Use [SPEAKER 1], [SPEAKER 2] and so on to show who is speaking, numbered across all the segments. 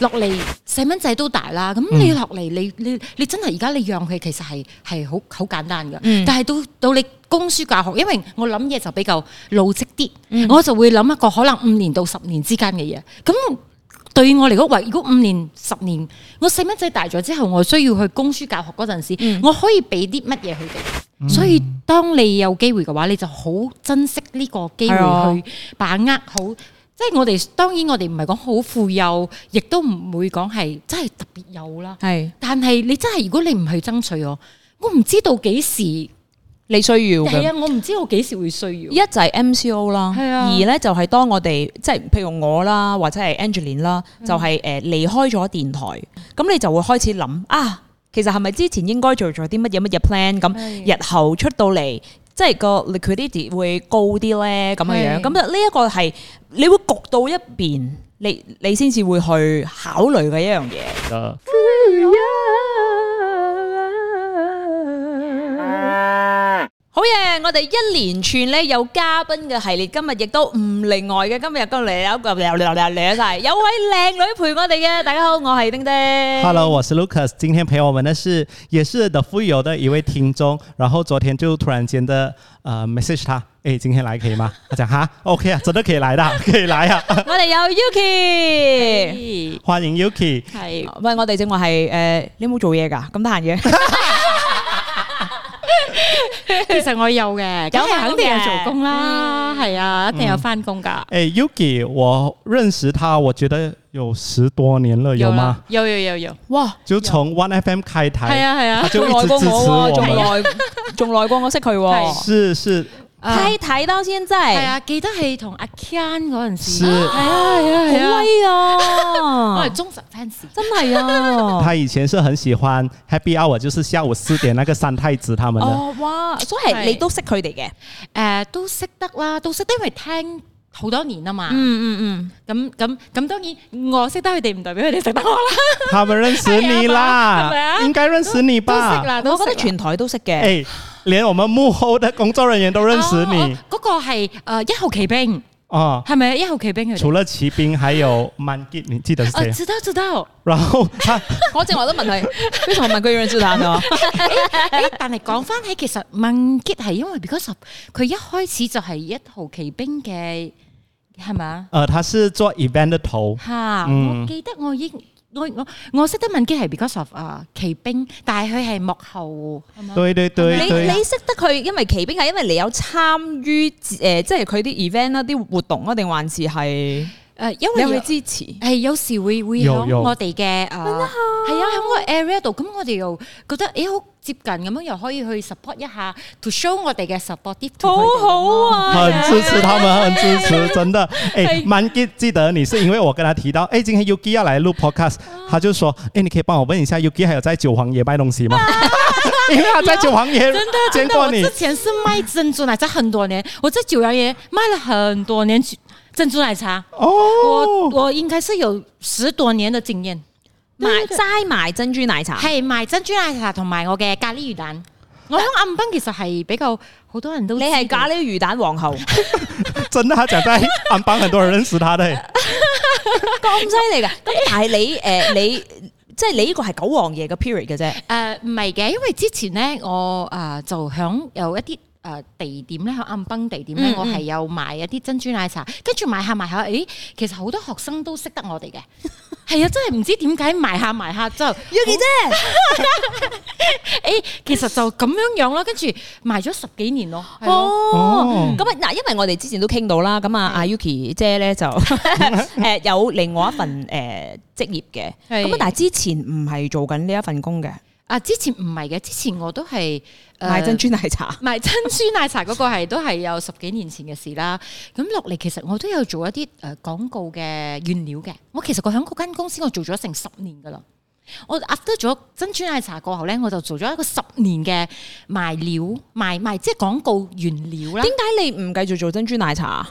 [SPEAKER 1] 落嚟，細蚊仔都大啦。咁、嗯、你落嚟，你你你真係而家你養佢，其實係係好好簡單嘅、嗯。但係到到你供書教學，因為我諗嘢就比較老積啲，我就會諗一個可能五年到十年之間嘅嘢。咁對我嚟講，話如果五年十年，我細蚊仔大咗之後，我需要去供書教學嗰陣時、嗯，我可以俾啲乜嘢佢哋？所以當你有機會嘅話，你就好珍惜呢個機會去把握好。嗯即、就、係、是、我哋，當然我哋唔係講好富有，亦都唔會講係真係特別有啦。係，但係你真係如果你唔去爭取我，我唔知道幾時你需要。係啊，我唔知我幾時會需要。一就係 MCO
[SPEAKER 2] 啦、啊，二呢就係、是、當我哋即係譬如我啦，或者係 Angeline 啦，就係誒離開咗電台，咁、嗯、你就會開始諗啊，其實係咪之前應該做咗啲乜嘢乜嘢 plan 咁，日後出到嚟。即係 d 佢啲字會高啲咧咁樣樣，咁就呢一個係你會焗到一邊，你你先至會去考慮嘅一樣嘢。Uh -huh. 好嘢！我哋一連串咧有嘉賓嘅系列，今日亦都唔例外嘅。今日又嚟咗個嚟有位靚女陪我哋嘅。大家好，我係丁丁。Hello，
[SPEAKER 3] 我是 Lucas。今天陪我們呢，是，也是 The Fuyoh 的一位聽眾。然後昨天就突然間的啊、呃、message 他，誒、欸，今天來可以嗎？佢講吓，OK 啊，真的可以嚟的，可以來啊。
[SPEAKER 2] 我哋有 Yuki，歡迎 Yuki。係，喂，我哋正話係，誒、呃，你有冇做嘢噶，咁得閒嘅。
[SPEAKER 1] 其實我有嘅，梗 係肯定有做工啦，係、嗯、啊，一定有返工噶。誒、嗯
[SPEAKER 3] 欸，Yuki，我認識他，我覺得有十多年了，有嗎？
[SPEAKER 1] 有有，有有有，哇！
[SPEAKER 3] 就從 One FM 開台，係啊係啊，啊就一直支持我，仲來，仲來
[SPEAKER 1] 過我、啊、還還過我識佢、啊，
[SPEAKER 3] 是是。
[SPEAKER 1] 睇、uh, 台到現在係啊，記得係同阿 Ken 嗰陣時係啊，係啊，啊，啊，啊，好威啊！ 我係忠實 fans 真係啊！佢
[SPEAKER 3] 以前是很喜歡 Happy Hour，就是下午四點那個三太子他們哦，
[SPEAKER 1] 哇，所以你都識佢哋嘅？誒，都識得啦，都識，都識，因為聽好多年啊嘛，嗯嗯嗯，咁咁咁，當然我識得佢哋，唔代表佢哋識得我啦，
[SPEAKER 3] 他們認識你啦，
[SPEAKER 1] 哎，應該認識你吧？都識啦，我覺得全台都識嘅。哎
[SPEAKER 3] 連我們幕後的工作人員都認識你，
[SPEAKER 1] 嗰、哦哦那個係誒、呃、一號奇兵，啊、哦，係咪一號奇兵？除
[SPEAKER 3] 咗奇兵，還有 Mangie 你記得、啊哦、知
[SPEAKER 1] 道知道。然後， 我正我都問佢，你同佢有認識啊？ 但係講翻起，其實 Mangie 係因為 because，佢一開始就係一號奇兵嘅，係咪？誒、
[SPEAKER 3] 呃，他是做 event 頭，吓、嗯，我記
[SPEAKER 1] 得我已經。我我我識得文傑係 Because of 啊、uh, 奇兵，但係佢係幕後。對
[SPEAKER 3] 對對，係嘛你，你你
[SPEAKER 1] 識得佢，因為奇兵係因為你有參與，誒，即係佢啲
[SPEAKER 2] event 啊啲活動啊，定還是係？
[SPEAKER 1] 誒、呃，因為支持係、哎、有時會會喺我哋嘅誒，係、哦、啊，喺嗰個 area 度，咁我哋又覺得誒好接近咁樣，又可以去 support 一下，to show 我哋嘅 supportive 好好啊、哦嗯，很支持他
[SPEAKER 3] 們，很支持，真的誒蠻記得你，係因為我跟他提到誒、哎，今天 Yuki 要嚟錄 podcast、啊、他就説誒、哎，你可以幫我問一下 Yuki，還有在九皇爺賣東西嗎？啊、 因為他在九皇爺、啊、見過你，之
[SPEAKER 1] 前是賣珍珠奶茶，在、呃、很多年，我在九皇爺賣了很多年。珍珠奶茶，哦、我我應該是有十多年的經驗，賣對對對對齋賣珍珠奶茶，可以賣珍珠奶茶同埋我嘅咖喱魚蛋。我諗暗幫其實係比較好多人都知道，你係咖喱魚蛋皇后，
[SPEAKER 3] 真啊，講真，暗班很多人認識他的，
[SPEAKER 1] 咁犀利噶。
[SPEAKER 2] 咁但係你誒、呃，你即係、就是、你呢個係九王爺嘅 period 嘅啫。
[SPEAKER 1] 誒唔係嘅，因為之前咧我啊、呃、就響有一啲。誒、呃、地點咧，暗崩地點咧，我係有賣一啲珍珠奶茶，跟住賣下賣下，誒、欸，其實好多學生都識得我哋嘅，係 啊，真係唔知點解賣下賣下之後 ，Yuki 姐，誒、哦 欸，其實就咁樣樣咯，跟住賣咗十幾年咯，哦，咁、哦、啊，嗱、嗯，因為我哋之前都
[SPEAKER 2] 傾到啦，咁啊，阿 Yuki 姐咧就誒、 呃、有另外一份
[SPEAKER 1] 誒、呃、職業嘅，咁但係之
[SPEAKER 2] 前唔係做緊呢一份工嘅。
[SPEAKER 1] 啊！之前唔係嘅，之前我都係賣、呃、珍珠奶茶，賣珍珠奶茶嗰個係 都係有十幾年前嘅事啦。咁落嚟，其實我都有做一啲誒廣告嘅原料嘅。我其實我喺嗰間公司我做咗成十年噶啦。我 after 咗珍珠奶茶過後咧，我就做咗一個十年嘅賣料賣賣，即係廣告原料啦。點解你唔繼續做珍珠奶茶？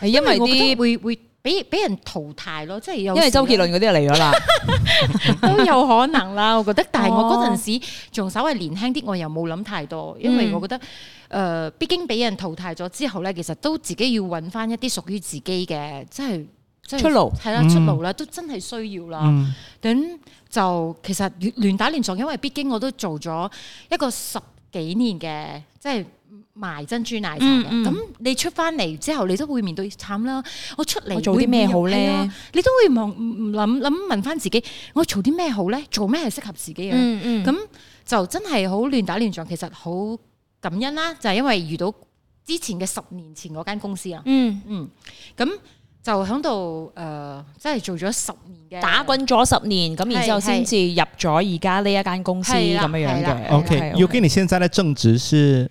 [SPEAKER 1] 係因為啲會會。會會俾俾人淘汰咯，即係因為周杰倫嗰
[SPEAKER 2] 啲嚟咗啦，
[SPEAKER 1] 都有可能啦，我覺得。哦、但係我嗰陣時仲稍微年輕啲，我又冇諗太多，因為我覺得誒，畢竟俾人淘汰咗之後咧，其實都自己要揾翻一啲屬於自己嘅，即係即係出路爐。係啦，出路啦，都真係需要啦。咁、嗯、就其實亂打亂撞，因為畢竟我都做咗一個十幾年嘅，即係。賣珍珠奶茶嘅，咁、嗯、你出翻嚟之後，你都會面對慘啦。我出嚟做啲咩好咧、啊？你都會諗諗問翻自己，我做啲咩好咧？做咩係適合自己嘅？咁、嗯嗯、就真係好亂打亂撞。其實好感恩啦，就係、是、因為遇到之前嘅十年前嗰間公司啊。嗯嗯，咁就喺度誒，真係做咗十年嘅，打
[SPEAKER 2] 滾咗十年，咁然之後先至入咗而家呢一間公司咁嘅樣嘅。O、okay, K，Yuki，、
[SPEAKER 3] okay, okay. 你現在嘅正職是？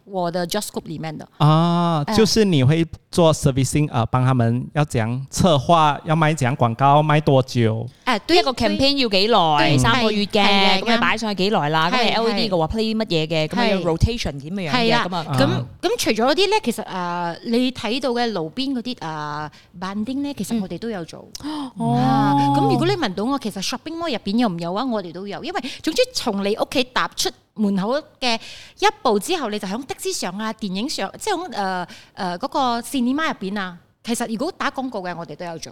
[SPEAKER 1] 我嘅 job scope 裏面的
[SPEAKER 3] 啊，就是你會做 servicing，呃，幫他們要怎樣策劃，要賣怎樣廣告，賣多久？
[SPEAKER 2] 誒，都一個 campaign 要幾耐？三個月嘅，咁你擺上去幾耐啦？咁你 LED 嘅話 play 啲乜嘢嘅？咁樣 rotation 點樣樣嘅咁
[SPEAKER 1] 啊？咁咁除咗嗰啲咧，其實誒，你睇到嘅路邊嗰啲啊，banding 咧，其實我哋都有做。哦，咁如果你問到我，其實 shopping mall 入邊有唔有啊？我哋都有，因為總之從你屋企踏出門口嘅一步之後，你就響的。思想啊，電影上即係咁，誒誒嗰個 cinema 入邊啊，其實如果打廣告嘅，我哋都有做。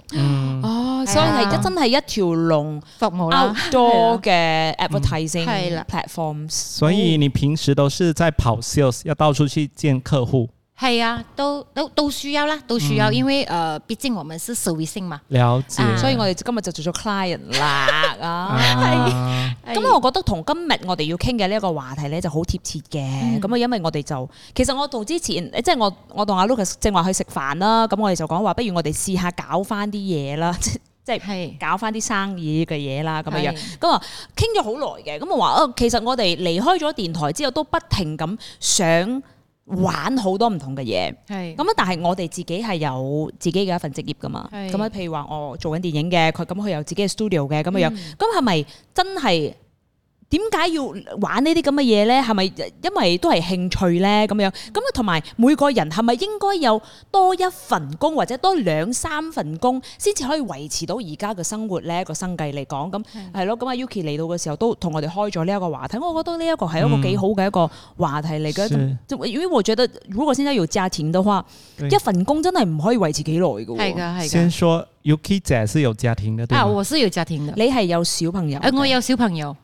[SPEAKER 1] 哦，所以係一真係一條
[SPEAKER 2] 龍服務啦。Outdoor 嘅 advertising platforms。所以你
[SPEAKER 3] 平時都是在跑 sales，要到處去見客戶。
[SPEAKER 1] 係啊，都都都需要啦，都需要，嗯、因為誒，畢、呃、竟我們是社會性嘛。
[SPEAKER 3] Uh, 所以我
[SPEAKER 1] 哋今日就做咗 client
[SPEAKER 2] 啦。係、 啊，咁、嗯、我覺得同今日我哋要傾嘅呢一個話題咧就好貼切嘅。咁、嗯、啊，因為我哋就，其實我同之前，即係我我同阿 Lucas 正話去食飯啦。咁我哋就講話，不如我哋試下搞翻啲嘢啦，即即係搞翻啲生意嘅嘢啦，咁嘅樣。咁、嗯、啊，傾咗好耐嘅，咁我話，哦、呃，其實我哋離開咗電台之後，都不停咁想。玩好多唔同嘅嘢，係咁啊！但係我哋自己係有自己嘅一份職業㗎嘛，咁啊，譬如話我做緊電影嘅，佢咁佢有自己嘅 studio 嘅咁嘅樣，咁係咪真係？點解要玩這些東西呢啲咁嘅嘢咧？係咪因為都係興趣咧？咁樣咁啊，同埋每個人係咪應該有多一份工或者多兩三份工，先至可以維持到而家嘅生活咧？一個生計嚟講，咁係、嗯、咯。咁阿 Yuki 嚟到嘅時候都同我哋開咗呢一個話題。我覺得呢一個係一個幾好嘅一個話題嚟嘅。嗯、因為我覺得如果我現在有家庭嘅話，一份工真係唔可以維持幾耐嘅。係嘅，
[SPEAKER 1] 係。先
[SPEAKER 3] 說 Yuki 姐係有家庭嘅、啊。
[SPEAKER 1] 我需要家庭嘅。你係有小朋友、啊？我有小朋友。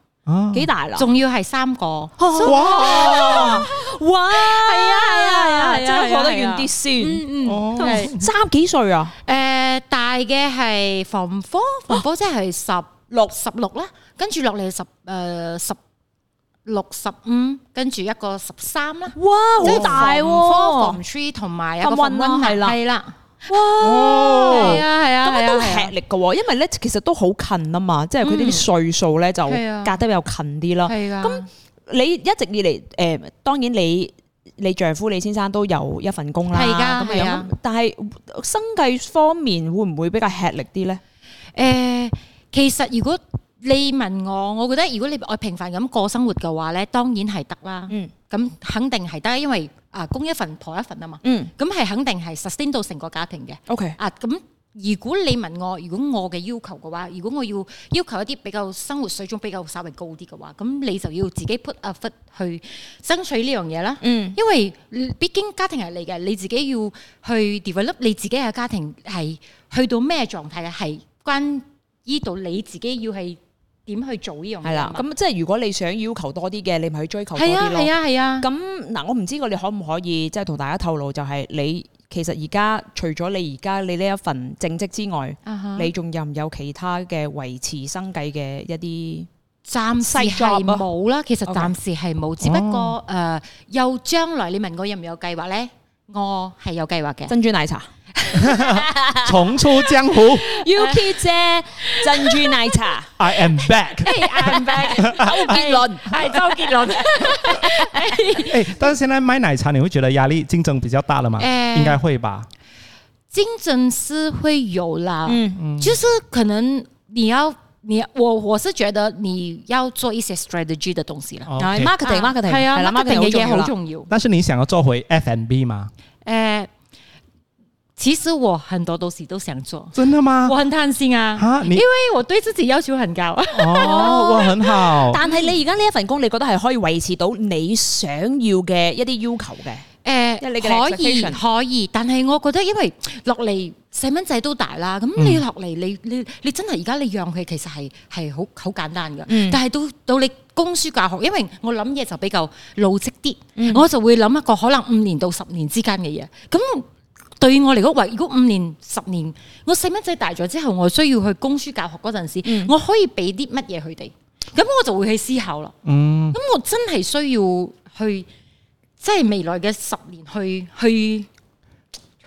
[SPEAKER 1] 幾大啦？仲要係三個哇、哦、哇，係啊係啊係啊，真係講得遠啲先。嗯嗯，三、哦、幾歲啊？誒、呃，大嘅係防科，防科即係十六十六啦，跟住落嚟十誒十六十五，跟住一個十三啦。哇，好大喎！防 t r e e 同埋一個係啦，係啦。哦哇，係哇啊，係啊，咁啊，啊都吃力嘅喎，
[SPEAKER 2] 因為咧其實都好近啊嘛，即係佢啲歲數咧就隔得比較近啲啦。咁、嗯啊、你一直以嚟，誒、呃，當然你你丈夫李先生都有一份工啦，係噶咁樣。啊啊、
[SPEAKER 1] 但係生計方面會唔會比較吃力啲咧？誒、呃，其實如果你問我，我覺得如果你愛平凡咁過生活嘅話咧，當然係得啦。嗯，咁肯定係得，因為啊，公一份婆一份啊嘛。嗯，咁係肯定係 sustain 到成個家庭嘅。OK。啊，咁如果你問我，如果我嘅要求嘅話，如果我要要求一啲比較生活水準比較稍微高啲嘅話，咁你就要自己 put a foot 去爭取呢樣嘢啦。嗯，因為畢竟家庭係你嘅，你自己要去 develop 你自己嘅家庭係去到咩狀態嘅，係關依度你自己要係。點去做呢樣嘢？係啦，咁即係如果你想要求多啲嘅，你咪去追求多啲啊，係啊，
[SPEAKER 2] 係啊。咁嗱，我唔知我你可唔可以即係同大家透露、就是，就係你其實而家除咗你而家你呢一份正職之外，uh -huh. 你仲有唔有其他嘅維持生
[SPEAKER 1] 計嘅一啲？暫時係冇啦。其實暫時係冇，okay. 只不過誒，又、oh. 呃、將來你問我有唔有計劃咧，我係有計劃嘅，珍珠奶茶。
[SPEAKER 3] 重出江湖
[SPEAKER 1] ，UPZ 珍珠奶
[SPEAKER 2] 茶，I am
[SPEAKER 3] back，I am back，
[SPEAKER 2] 周杰倫，哎，周杰倫，哎，
[SPEAKER 3] 哎，但是現在賣奶茶，你會覺得壓力競爭比較大了嗎？應該會吧，
[SPEAKER 1] 競爭是會有啦，嗯嗯，就是可能你要，你我我是覺得你要做一些 strategy 的東西了，然後 marketing，marketing，係啊，marketing 嘅嘢好重要，
[SPEAKER 3] 但是你想要做回 F&B 嗎？
[SPEAKER 1] 誒。其實我很多時候都想做，真的嗎？我很貪心啊，因為我對自己要求很高。我、哦、很好。 但係你而家呢一份工作，你覺得係可以維持到你
[SPEAKER 2] 想要嘅一啲要求嘅？
[SPEAKER 1] 誒、呃，可以，可以。但係我覺得因為落嚟細蚊仔都大啦，咁、嗯、你落嚟你你你真係而家你養佢，其實係係好好簡單噶、嗯。但係到到你供書教學，因為我諗嘢就比較老積啲，我就會諗一個可能五年到十年之間嘅嘢。咁。對我嚟講，話如果五年、十年，我細蚊仔大咗之後，我需要去供書教學嗰陣時，嗯、我可以俾啲乜嘢佢哋？咁我就會去思考啦。咁、嗯、我真係需要去，即係未來嘅十年去去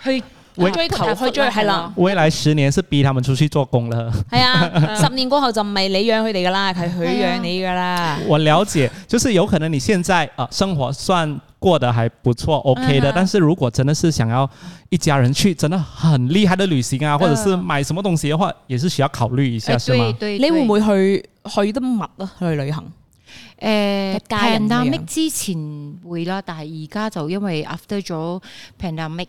[SPEAKER 1] 去。去追頭去追係啦，
[SPEAKER 3] 未來十年是逼他們出去做工啦。
[SPEAKER 1] 係啊， 十年過
[SPEAKER 2] 後就唔係你養佢哋噶啦，係佢養你噶啦。
[SPEAKER 3] 我了解，就是有可能你現在啊、呃、生活算過得還不錯，OK 的。但是如果真的是想要一家人去，真的很厲害的旅行啊，或者是買什麼東西的話，也是需要考慮一下，對是嗎？對對
[SPEAKER 2] 對，你會唔會去去得密咯、啊、去旅行？
[SPEAKER 1] 誒、呃，一家人。Pandemic 之前會啦，但係而家就因為 after 咗 pandemic。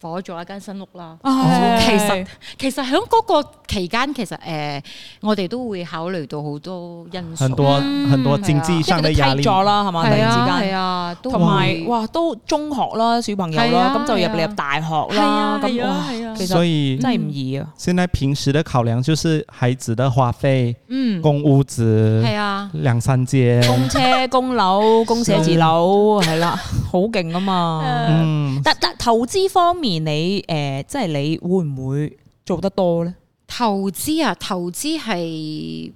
[SPEAKER 1] 火咗一間新屋啦，哦、其實、哦、其實喺嗰個期間，其實誒、呃、我哋都會考慮到好多因素，很多、嗯、很
[SPEAKER 3] 多經濟上嘅因素啦，係
[SPEAKER 1] 嘛？突然之間，同埋、啊啊、哇，哇，都中學啦，
[SPEAKER 2] 小朋友啦，咁、啊、就入嚟入大學啦，咁、啊啊啊啊啊、所以真係唔易啊！
[SPEAKER 3] 現在平時嘅考量就是孩子的花費，嗯，供屋子係啊，兩三間，供車、
[SPEAKER 2] 供 樓、供寫字樓，係啦、啊， 好勁啊嘛！嗯、
[SPEAKER 1] 但但投資方面。而你誒，即、呃、係你會唔會做得多咧？投資啊，投資係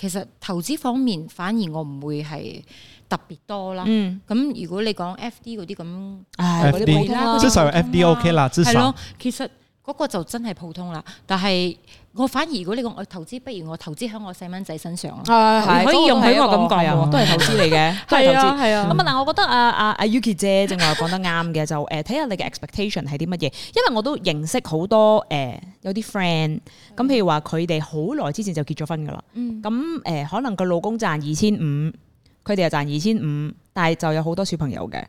[SPEAKER 1] 其實投資方面，反而我唔會係特別多啦。嗯，咁如果你講 F D 嗰啲咁，唉、哎，嗰啲普通啦，至少 F D OK 啦，係咯。其實嗰個就真係普通啦，但係。我反而如果你個我投資，不如我投資喺我細蚊仔身上可以，以用喺我感覺喎，都
[SPEAKER 2] 係投資嚟嘅。 都係投資啊係啊。咁啊嗱，我覺得啊啊啊 Yuki 姐正話講得啱嘅， 就誒睇下你嘅 expectation 係啲乜嘢。因為我都認識好多誒、呃、有啲 friend，咁譬如話佢哋好耐之前就結咗婚噶啦。咁、嗯、誒、呃，可能個老公賺二千五，佢哋又賺二千五，但係就有好多小朋友嘅。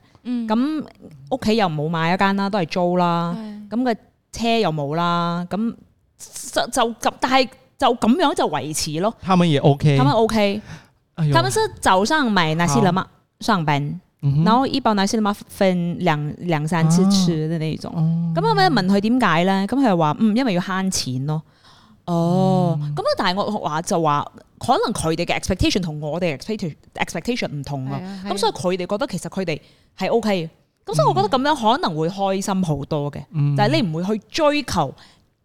[SPEAKER 2] 咁屋企又冇買一間啦，都係租啦。咁個車又冇啦。咁就就咁，但係就咁樣就維持咯。他們也 OK，他們 OK，、哎、他們是早上買奶昔了嗎？上班、嗯，然後一包奶昔分兩兩三次吃的那一種。咁我咪問佢點解咧？咁佢係話嗯，因為要慳錢咯。哦、咁、嗯、啊，但係我話就話，可能佢哋嘅 expectation, 我 expectation 同我哋 expectation 唔同啊。咁所以佢哋覺得其實佢哋係 OK 嘅。咁所以我覺得咁樣可能會開心好多嘅，但、嗯、係、就是、你唔會去追求。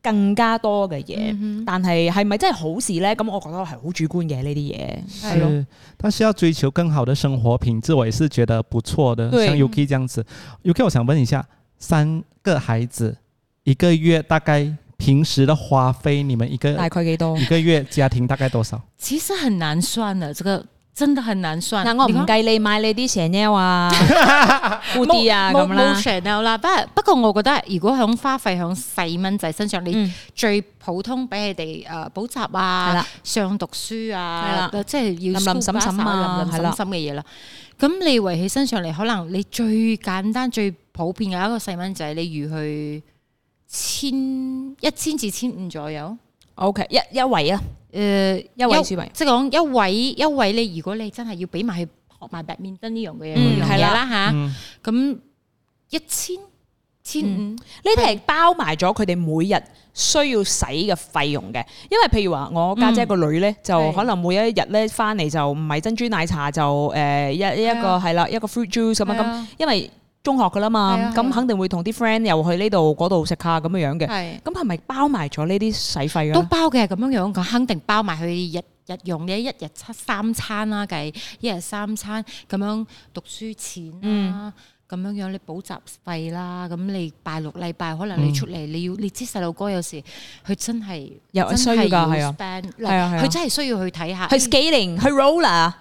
[SPEAKER 2] 更加多嘅嘢、嗯，但係係咪真係好事咧？咁我覺得係好主觀嘅呢啲嘢，係咯。但是
[SPEAKER 3] 要追求更好的生活品質，我也是覺得不錯的。像 Yuki 這樣子，Yuki，我想問一下，三個孩子一個月大概平時的花費，你們一個大概幾多？一個月家庭大概多少？
[SPEAKER 1] 其實很難算的，這個。真的很難信但算，嗱我唔計你買你啲 Chanel 啊，蝴 蝶啊咁啦，冇 Chanel 啦，不不過我覺得如果響花費響細蚊仔身上，嗯、你最普通俾你哋誒補習啊，上讀書啊，即係要淋淋嬸嬸啊，淋淋嬸嘅嘢啦，咁你圍起身上嚟，可能你最簡單最普遍嘅一個細蚊仔，你如去千一千至千五左右。O、okay, K，一一位啊，誒、呃、一位即係講一位一位咧。如果你真係要俾埋去學埋白面燈呢樣嘅嘢，係啦嚇，咁一千千五，
[SPEAKER 2] 呢啲係包埋咗佢哋每日需要使嘅費用嘅。因為譬如話，我家姐個女咧，就可能每一日咧返嚟就唔係珍珠奶茶就誒一一個係啦一,一個 fruit juice 咁樣咁，因為。中學㗎啦嘛，咁、啊啊、肯定會同啲 friend 又去呢度嗰度食下咁樣樣嘅，咁係咪包埋咗呢啲使費啊？都
[SPEAKER 1] 包嘅咁樣樣，佢肯定包埋佢日日用嘅一日三三餐啦，計一日三餐咁樣，讀書錢啦、啊。嗯咁樣樣你補習費啦，咁你拜六禮拜可能你出嚟你要，你知細路哥有時佢真係真係要 spend，佢真係需要去睇下去 skating 去 roller，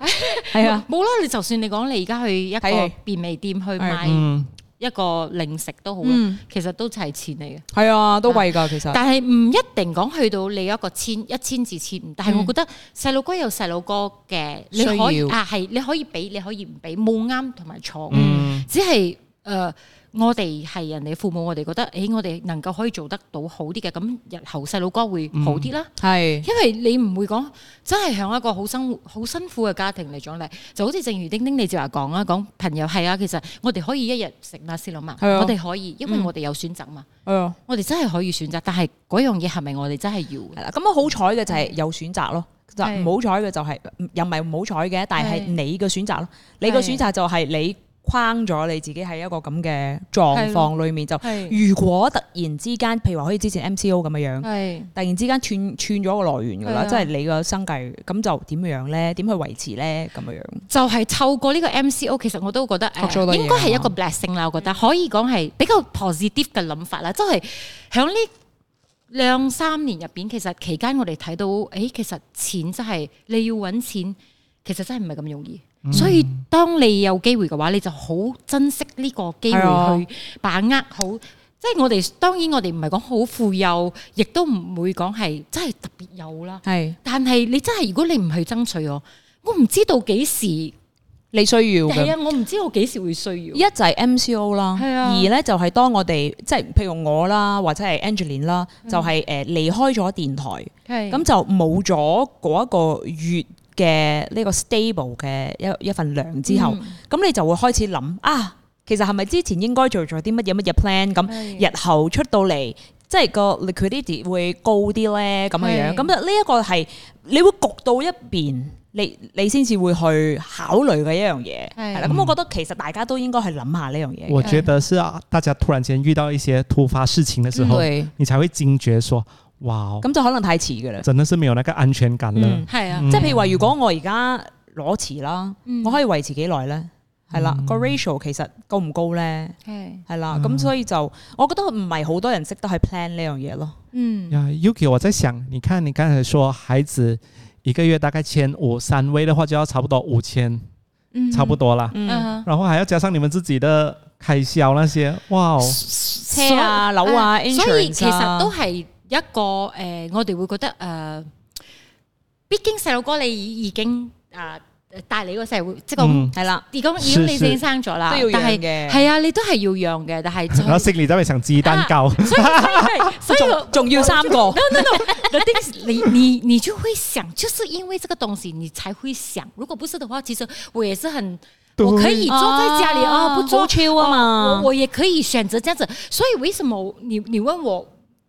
[SPEAKER 1] 係啊，冇 啦！你就算你講你而家去一個便利店去買。一個零食都好，嗯，其實都係錢嚟嘅。係啊，都貴㗎其實。但係唔一定講去到你一個千一千至千五，但係我覺得細路哥有細路哥嘅，你可以啊係，你可以俾你可以唔俾，冇啱同埋錯，嗯，只係誒。呃我哋係人哋父母，我哋覺得，誒、欸，我哋能夠可以做得到好啲嘅，咁日後細佬哥會好啲啦。係、嗯，因為你唔會講真係向一個好生活、好辛苦嘅家庭嚟講呢，就好似正如丁丁你就話講啦，講朋友係啊。其實我哋可以一日食粒司佬麥，我哋可以、嗯，因為我哋有選擇嘛。啊、我哋真係可以選擇，但係嗰樣嘢係咪我哋真係要？係啦、啊，咁好彩嘅就係有選擇咯，是啊、就唔好彩嘅就係、是啊、又唔係唔好彩嘅，但係你
[SPEAKER 2] 嘅選擇咯，啊、你嘅選擇就係你。框咗你自己喺一個咁嘅狀況裏面，就如果突然之間，譬如話好似之前 MCO 咁嘅樣，突然之間斷斷咗個來源噶啦，即係、就是、你個生計，咁就點樣咧？點去維持咧？咁樣
[SPEAKER 1] 樣就係、是、透過呢個 MCO，其實我都覺得、呃、應該係一個 blessing，我覺得可以講係比較 positive 嘅諗法啦，即係響呢兩三年入邊，其實期間我哋睇到，誒、欸，其實錢真、就、係、是、你要搵錢，其實真係唔係咁容易。嗯、所以，當你有機會嘅話，你就好珍惜呢個機會去把握好。即係、啊、我哋當然，我哋唔係講好富有，亦都唔會講係真係特別有啦。係，但係你真係如果你唔去爭取我，我唔知道幾時你需要。係啊，我唔知我幾時會需要。一就係 MCO 啦，係啊，二咧
[SPEAKER 2] 就係當我哋即係譬如我啦，或者係 Angeline 啦，就係誒離開咗電台，係，咁就冇咗嗰一個月。嘅呢個 stable 嘅一一份糧之後，咁、嗯、你就會開始諗啊，其實係咪之前應該做咗啲乜嘢乜嘢 plan 咁？日後出到嚟，即係個 liquidity 會高啲咧咁嘅樣。咁呢呢一個係你會焗到一邊，你你先至會去考慮嘅一樣嘢係啦。咁、嗯、我覺得其實大家都應該去諗下呢樣嘢。我覺得
[SPEAKER 3] 係啊，大家突然間遇到一些突發事情嘅時候，你才會驚覺，說。哇！咁就可
[SPEAKER 2] 能太遲嘅啦，
[SPEAKER 3] 真的是冇那個安全感啦。係、嗯、啊，嗯、即係譬如話，
[SPEAKER 2] 如果我而家裸辭啦，我可以維持幾耐咧？係啦，嗯、個 ratio 其實高唔高咧？係，係啦。咁、啊嗯、所以就我覺得唔係好多人識得去 plan 呢樣嘢咯。嗯。
[SPEAKER 3] 啊、yeah，Yuki，我在想，你看你剛才說孩子一個月大概千五，三位的話就要差不多五千，嗯，差不多啦。嗯。然後還要加上你們自己的開銷那些，哇！
[SPEAKER 1] 車啊、車啊樓啊、啊、insurance 啊、所以其實都係。一個誒、呃，我哋會覺得誒、呃，畢竟細路哥你已經誒、呃、帶你、這個社會，即係講係啦。而已而你已生咗啦，但係，係啊，你都係要養嘅。但係我四
[SPEAKER 3] 你都未曾自擔教，
[SPEAKER 1] 所以
[SPEAKER 2] 仲要三個。no no no，
[SPEAKER 1] things, 你你你就會想，就是因為這個東西，你才會想。如果不是的話，其實我也是很，我可以坐在家裏啊，啊，不裝修啊，啊，我我也可以選擇這樣子。所以為什麼你你問我？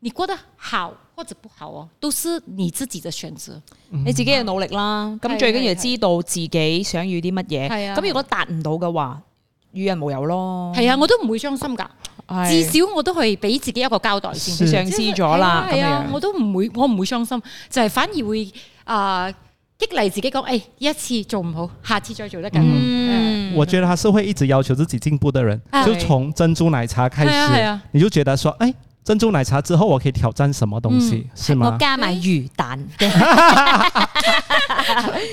[SPEAKER 1] 你過得好或者不好哦、啊，都是你自己的選擇、嗯。你自己嘅努力啦，咁、嗯嗯、最緊要知
[SPEAKER 2] 道自己想要啲乜嘢。係啊，咁如果達唔到嘅話，與人無尤咯。係啊，
[SPEAKER 1] 我都唔會傷心噶，哎、至少我都係俾自己一個交代先，先嘗試咗啦。係、就是、啊，我都唔會，我唔會傷心，就係、是、反而會啊、呃、激勵自己講，誒、哎，一次做唔好，下次再做得更好。嗯、嗯嗯、我
[SPEAKER 3] 覺得他是會一直要求自己進步的人，就從珍珠奶茶開始，哎、你就覺得說，誒、哎。珍珠奶茶之後，我可以挑戰什麼東西？嗯、是嗎？我加埋
[SPEAKER 2] 魚蛋。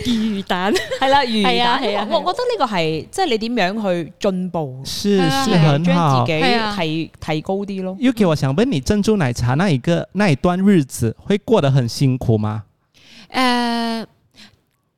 [SPEAKER 2] 魚蛋，係 啦，魚蛋，係啊，啊，啊。我我覺得呢個係，即、就、係、是、你點樣去進步，是是很好，自己提提高啲咯。
[SPEAKER 3] Yuki，i 我想問你，珍珠奶茶那一個那一段日子會過得很辛苦嗎？誒、
[SPEAKER 1] uh,。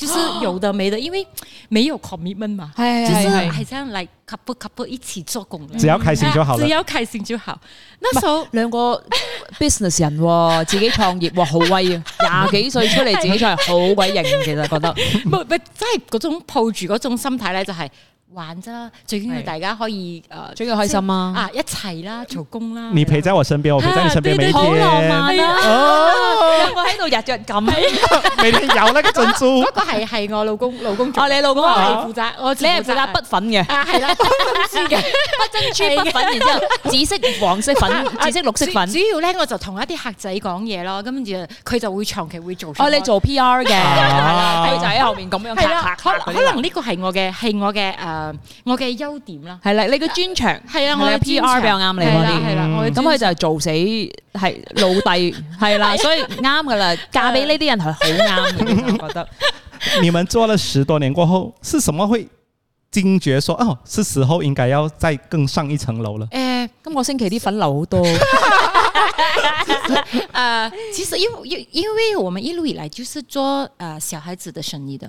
[SPEAKER 1] 就是有的沒的，因為沒有 commitment 嘛，就是係這樣嚟、like、couple couple 一起做工，只要開心就好了、嗯，只要開心就好。嗱，所以兩個
[SPEAKER 2] business 人、哦、 自己創業哇，好威啊！廿幾歲出嚟自己出嚟，好鬼型，其實覺得，唔
[SPEAKER 1] 係真係嗰種抱住嗰種心態咧，就係、是。玩啫，最緊要大家可以誒、呃，最要開心啊！啊，一齊啦，做工啦，
[SPEAKER 2] 你
[SPEAKER 3] 陪在我身邊，我陪在你身邊，每天
[SPEAKER 1] 好浪漫啊！我喺度日着咁， 每天有那個珍珠，不過係係我老公老公我、啊、你的老公負責、啊、責，我咧負責粒粉嘅，係、啊、啦，珍珠嘅，不珍珠粉，然之後紫色黃色粉， 紫色綠色粉，主要咧我就同一啲客仔講嘢咯，咁就佢就會長期會做期。哦、啊，你做 P R 嘅，佢、 啊、就喺後面咁樣客客。可可能呢個係我嘅，係我嘅誒。誒、啊，我嘅優點啦，係啦，你嘅專長係啊、嗯，我嘅 PR 比較啱你嗰啲，係啦，咁佢就係做死係
[SPEAKER 2] 老弟，係啦， 所以啱㗎啦， 嫁俾呢啲人係好啱。我覺 得，
[SPEAKER 3] 你們做了十多年過後，是什麼會驚覺說，哦，是時候應該要再更上一層樓了？
[SPEAKER 2] 誒、
[SPEAKER 1] 欸，今個星期啲粉樓好多。誒、 呃，其實因因因為我們一路以來就是做誒、呃、小孩子的生意的。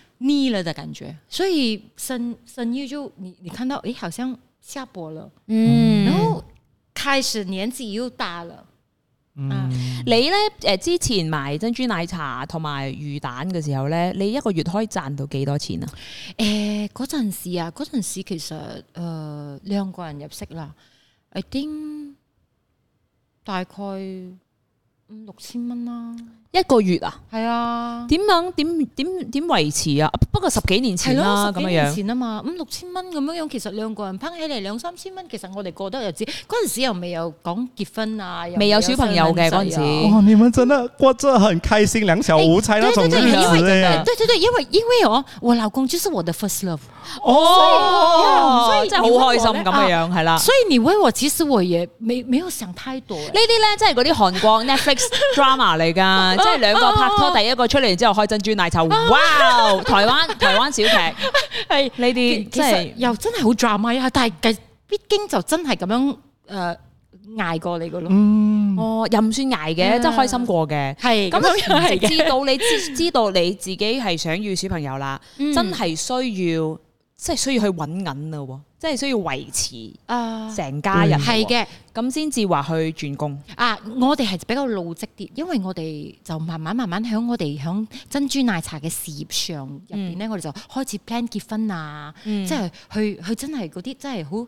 [SPEAKER 1] 膩了的感覺，所以生生意就你你看到誒、哎，好像下坡了，嗯，然後開始年紀又大啦，嗯、啊，你呢，
[SPEAKER 2] 誒之前賣珍珠奶茶同埋魚蛋嘅時候呢，你一個月可以賺到幾多錢啊？
[SPEAKER 1] 誒嗰陣時啊，嗰陣時其實誒呃、兩個人入息啦，I think 大概五六千蚊啦。一個月啊，係啊，
[SPEAKER 2] 點樣點點點維持啊？不過十幾年前啦，啊，十幾年前
[SPEAKER 1] 啊嘛，五、嗯、六千蚊咁樣樣，其實兩個人撐起嚟兩三千蚊，其實我哋過得日子，嗰陣時又未有講結婚啊，有未有小朋友嘅嗰陣
[SPEAKER 2] 時，啊哦。你們
[SPEAKER 3] 真係過真係很開心，兩小無猜啦。總之，欸啊。對對對，因為對
[SPEAKER 1] 對對因為因為我老公就是我的 first love，哦，所以所以好，就是，開心咁樣樣係啦。所以你問我，其實我也未沒，沒有想太多。
[SPEAKER 2] 這呢啲咧，即係嗰啲韓國 Netflix drama 嚟來噶的。 即係兩個拍拖，哦哦，第一個出嚟，之後開珍珠奶茶，哦，哇！台灣 台灣小劇係
[SPEAKER 1] 呢即係又真係好 drama 啊！但係其實畢竟就真係咁樣誒、呃、捱過嚟噶咯，哦又唔算捱嘅，嗯，即係開心過嘅，係，嗯、咁。你知道你知
[SPEAKER 2] 知道你自己係想要小朋友啦，嗯，真係需要，即係需要去揾銀咯。即係需要維持整啊，成
[SPEAKER 1] 家人係嘅，咁
[SPEAKER 2] 先至話去轉工
[SPEAKER 1] 啊！我哋係比較老積啲，因為我哋就慢慢慢慢喺我哋喺珍珠奶茶嘅事業上入邊咧，嗯、我哋就開始 plan 結婚啊，即、嗯、係去去真係嗰啲真係好。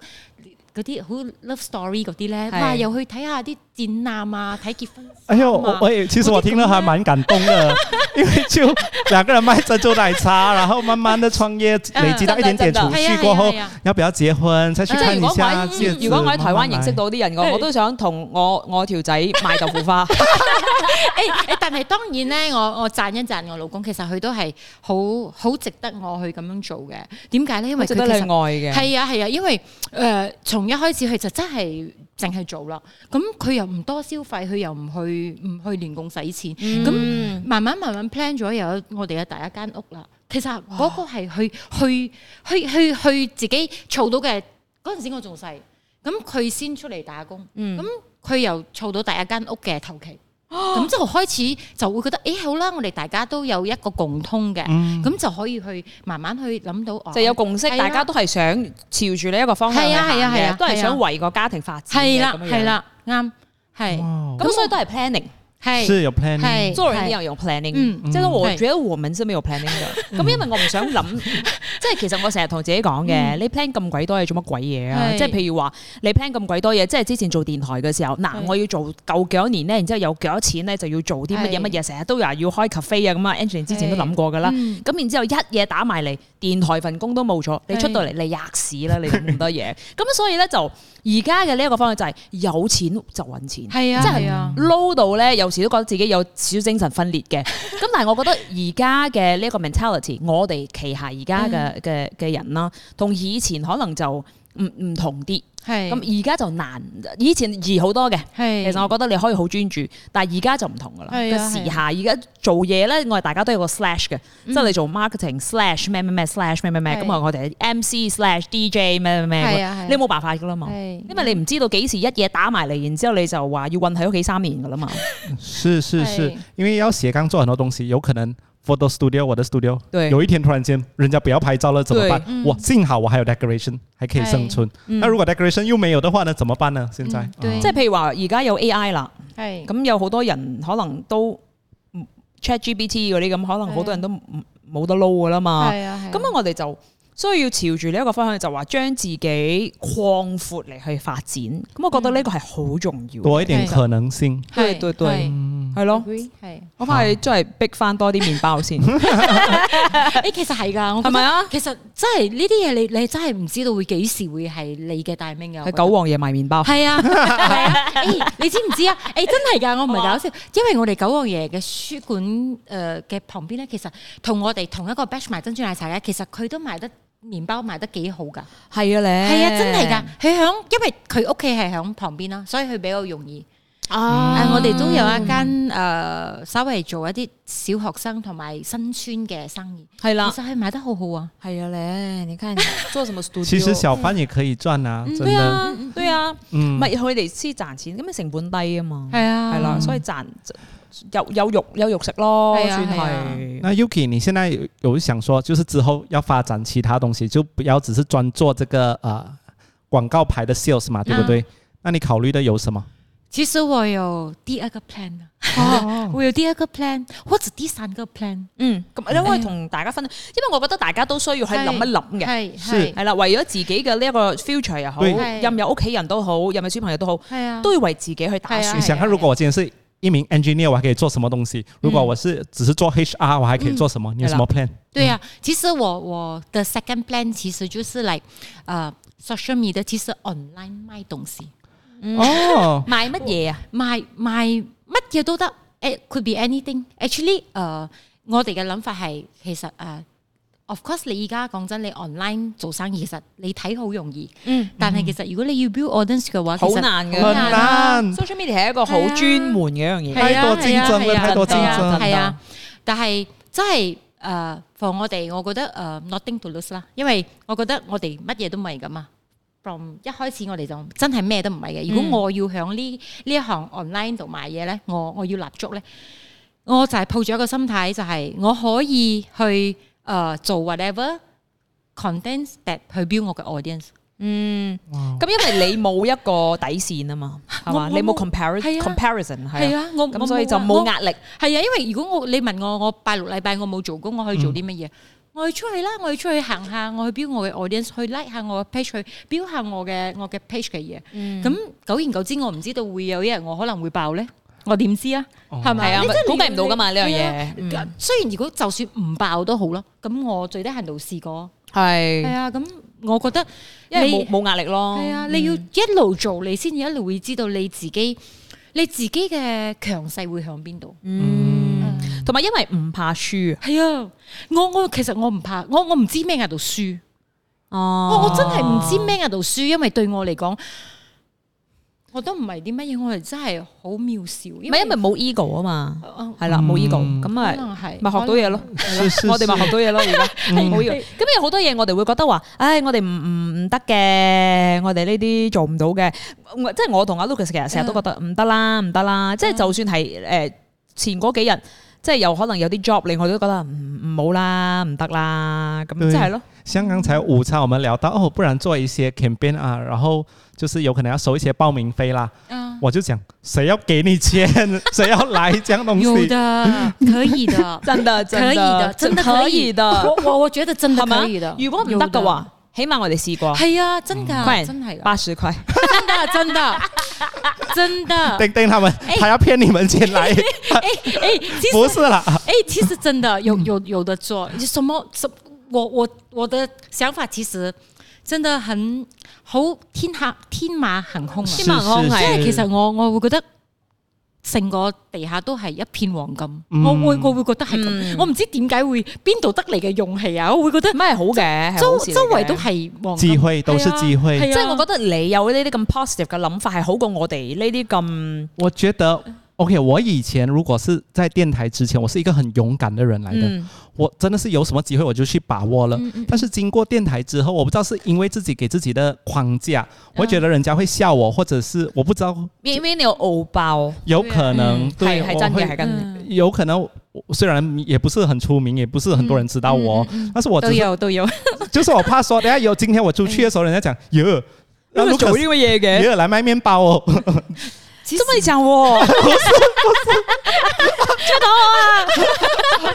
[SPEAKER 1] 嗰啲好 love story 嗰啲咧，哇！又去睇下啲展覽啊，睇結婚。哎呦，我誒，
[SPEAKER 3] 其實我聽咗係蠻感動嘅，因為就兩個人賣珍珠奶茶，然後慢慢嘅創業，
[SPEAKER 2] 累積到一點點儲蓄過後，
[SPEAKER 3] 要不要結婚？再去看一下結婚。如
[SPEAKER 2] 果我喺台灣認識到啲人嘅，我都想同我我條仔賣豆腐花。
[SPEAKER 1] 誒誒，但係當然咧，我我讚一讚我老公，其實佢都係好好值得我去咁樣做嘅。點解咧？因為佢其實係啊係啊，因為誒從。從一開始佢就真係淨係做啦，咁佢又唔多消費，佢又唔去唔去連共使錢，咁、嗯、慢慢慢慢 plan 咗有我哋嘅第一間屋啦。其實嗰個係去哇去去去去,去自己儲到嘅，嗰陣時我仲細，咁佢先出嚟打工，咁佢、嗯、又儲到第一間屋嘅頭期。咁、哦、就開始就會覺得，誒、欸、好啦，我哋大家都有一個共通嘅，咁、嗯、就可以去慢慢去諗到，就有共識，啊、大家
[SPEAKER 2] 都係想朝住呢一個方向咧，啊啊、都係想為個家庭發展嘅咁、啊啊、樣樣，
[SPEAKER 1] 啱、啊，係，咁、哦、麼所以都係 planning。係，所以用 planning，sorry 又用 planning，即係我主
[SPEAKER 2] 要我本身冇 planning 嘅，咁、嗯、因為我唔想諗，即 係其實我成日同自己講嘅、嗯，你 plan 咁鬼多嘢做乜鬼嘢啊？即係譬如話你 plan 咁鬼多嘢，即係之前做電台嘅時候，嗱我要做夠幾多年咧，然之後有幾多錢咧就要做啲乜嘢乜嘢，成日都話要開 cafe 啊咁啊，Angeline 之前都諗過噶啦，咁、嗯、然之後一嘢打埋嚟，電台份工都冇咗，你出到嚟你吔屎啦，你咁多嘢，咁所以咧就。而家嘅呢一個方向就係有錢就揾錢，係啊，即係係啊，撈到咧，有時都覺得自己有少少精神分裂嘅。咁 但係我覺得而家嘅呢一個 mentality，我哋旗下而家嘅嘅嘅人啦，同以前可能就唔唔同啲。係咁而家就難，以前易好多嘅。係，其實我覺得你可以好專注，但係而家就唔同噶啦。個、啊啊、時下而家做嘢咧，我哋大家都有個 slash 嘅，即係你做 marketing、嗯、slash 咩咩咩 slash 咩咩咩，咁啊我哋 MC slash DJ 咩咩咩，你冇辦法噶啦嘛、啊啊，因為你唔知道幾時一夜打埋嚟，然之後你就話要混喺屋企三年噶啦嘛。
[SPEAKER 3] 是是是，是因為要斜槓做很多東西，有可能。photo studio 我的 studio，對，有一天突然間，人家不要拍照了，怎麼辦？我幸好我還有 decoration，還可以生存。那如果 decoration 又沒有的話呢？怎麼辦呢？現在，
[SPEAKER 2] 即係譬如話而家有 AI 啦，係咁有好多人可能都 ChatGPT 嗰啲咁，可能好多人都冇得撈噶啦嘛。係啊，咁啊我哋就需要朝住呢一個方向，就話將自己擴闊嚟去發展。咁我覺得呢個係好重要，多一點可
[SPEAKER 3] 能性。對對
[SPEAKER 2] 對。係
[SPEAKER 1] 咯，係我怕你真係
[SPEAKER 2] 逼翻多啲麵包先。
[SPEAKER 1] 誒，其實係噶，係咪啊？其實真係呢啲嘢，你你真係唔知道會幾時會係你嘅大名嘅。係九
[SPEAKER 2] 王爺賣麵包，係 啊
[SPEAKER 1] 係啊、 哎。你知唔知啊？誒、 哎，真係噶，我唔係搞笑， 因為我哋九王爺嘅書館誒嘅旁邊咧，其實同我哋同一個 Batch 賣珍珠奶茶嘅，其實佢都賣得麵包賣得幾好噶。係啊你？係啊，真係噶。佢響，因為佢屋企係響旁邊啦，所以佢比較容易。啊,啊！我哋都有一間誒、嗯呃，稍微做一啲小學生同埋新村嘅生意，係啦，其實係賣得好好啊。係啊，咧，你看 做什麼 studio, 其實小販也
[SPEAKER 3] 可以賺啊，真嘅對啊、嗯，
[SPEAKER 2] 對啊，嗯，唔係佢哋先賺錢，咁咪成本低啊嘛。係啊，係啦，所以賺有有肉有肉食咯，啊、算係、啊
[SPEAKER 3] 啊。那 Yuki，你現在有想說，就是之後要發展其他東西，就不要只是專做這個誒廣、呃、告牌的 sales 嘛，對不對？啊、那你考慮的有什麼？
[SPEAKER 1] 其少我有第二個 plan、哦啊、我有第二個 plan，我係第三個 plan 嗯。嗯，咁你可以同大家分享、哎，因為我覺得大家
[SPEAKER 2] 都需要去諗一諗嘅，係係啦，為咗自己嘅呢一個 future 又好，任有屋企人都好，任有小朋友都好、啊，都要為自己去打算。啊啊啊、你上
[SPEAKER 3] 刻嗰個我之前是一名 engineer，我還可以做什麼東西、嗯？如果我是只是做 HR，我還可以做什麼？嗯、你有什麼 plan？
[SPEAKER 1] 對啊，嗯、其實我我的 second plan 其實就是 like，誒、uh,，social media，其實 online 賣東西。嗯、哦，賣乜嘢啊？賣賣乜嘢都得，誒，It could be anything Actually,、uh,。Actually，誒，我哋嘅諗法係其實誒、uh,，of course 你而家講真你 online 做生意，其實你睇好容易。嗯。但係其實如果你要 build audience 嘅話，好、嗯、難的。好難，的難的、啊。Social media 係一個好專
[SPEAKER 2] 門嘅一樣嘢。係、啊啊、太多競爭、啊啊啊啊、太多競爭。係啊，啊，啊，啊，
[SPEAKER 1] 啊，啊。但係真係誒，for 我哋，我覺得誒、uh,，nothing to lose 啦。因為我覺得我哋乜嘢都唔係咁啊。from 一開始我哋就真係咩都唔係嘅。如果我要響呢呢一行 online 度買嘢咧，我我要立足咧，我就係抱住一個心態、就係，就係我可以去誒、呃、做 whatever content that 去 build 我嘅 audience。嗯，咁因為你冇
[SPEAKER 2] 一個底線啊嘛，係 嘛？你冇 comparison，comparison 係啊，我咁、啊、所以就冇壓力。
[SPEAKER 1] 係啊，因為如果我你問我，我拜六禮拜我冇做工，我可以做啲乜嘢？嗯我要出去啦，我要出去行下，我要標我嘅 audience 去 like 下我嘅 page，去標下我嘅我嘅 page 嘅嘢。咁久而久之，我唔知道會有一日我可能會爆咧，我點知啊？係咪啊？估計唔到噶嘛呢樣嘢。雖然如果就算唔爆都好咯，咁我最低限度試過。係。係啊，咁我覺得因為冇冇壓力咯。係啊，你要一路做，你先至一路會知道你自己你自己嘅強勢會喺邊度。嗯。同埋，因為唔怕輸。係啊，我我其實我唔怕，我我唔知咩叫輸。哦、啊，我真係唔知咩叫輸，因為對我嚟講，我都唔係啲乜嘢，我哋真係好渺小。咪因為冇 ego 啊嘛，係、嗯、啦，冇 ego 咁啊，可能咪學到嘢咯？我哋咪 學到嘢咯，冇
[SPEAKER 2] 咁、 嗯、有好多嘢，我哋會覺得話，唉，我哋唔唔得嘅，我哋呢啲做唔到嘅。即係我同阿 Lucas 其實成日都覺得唔得啦，唔得啦。即係就算係誒前嗰幾日。即係有可能有啲 job，令我都覺得唔唔、嗯、好啦，唔得啦，咁、嗯、即係咯。
[SPEAKER 3] 像剛才午餐，我們聊到哦，不然做一些 campaign 啊，然後就是有可能要收一些報名費啦。嗯，我就想，誰要給你錢，誰 要來這樣東
[SPEAKER 1] 西？有的，可以的， 的，真的，可以的，真的可以，真的，可以的。我我我覺得真的
[SPEAKER 2] 可以的，的如果唔得嘅話。起碼我哋試過，係
[SPEAKER 1] 啊，真噶，真係八十塊，真的真的真的，丁丁 真的 他們、欸、還要
[SPEAKER 2] 騙你們進來，
[SPEAKER 1] 誒、欸、誒， 欸、其實 不是啦，誒、欸，其實真的有有有得做，你什麼什麼我我我的想法其實真的很好天客天馬行空、啊，天馬行空，即係其實我我會覺得。成個地下都係一片黃金，嗯、我會我會覺得係噉、嗯，我唔知點解會邊度得嚟嘅勇氣啊！我會覺得咩係好嘅，周是的周圍都係黃金，
[SPEAKER 3] 機會都是機會即係、啊啊即係、我
[SPEAKER 1] 覺得你有呢啲咁
[SPEAKER 2] positive 嘅諗法係好過我哋呢啲咁。
[SPEAKER 3] 我覺得。OK，我以前如果是在電台之前，我是一個很勇敢的人來的。嗯、我真的是有什麼機會我就去把握了，嗯嗯。但是經過電台之後，我不知道是因為自己給自己的框架，嗯、我覺得人家會笑我，或者是我不知道，
[SPEAKER 2] 因為有歐包，有可能，還還站你，還敢，嗯？
[SPEAKER 3] 有可能，雖然也不是很出名，也不是很多人知道我，嗯、但是我都有都有，都有就是我怕說， 等下有今天我出去的時候人，欸欸，人家
[SPEAKER 2] 講有，那做啲乜嘢嘅，有，啊
[SPEAKER 3] yeah, 來賣麵包哦。
[SPEAKER 2] 咁樣講喎，
[SPEAKER 1] 出到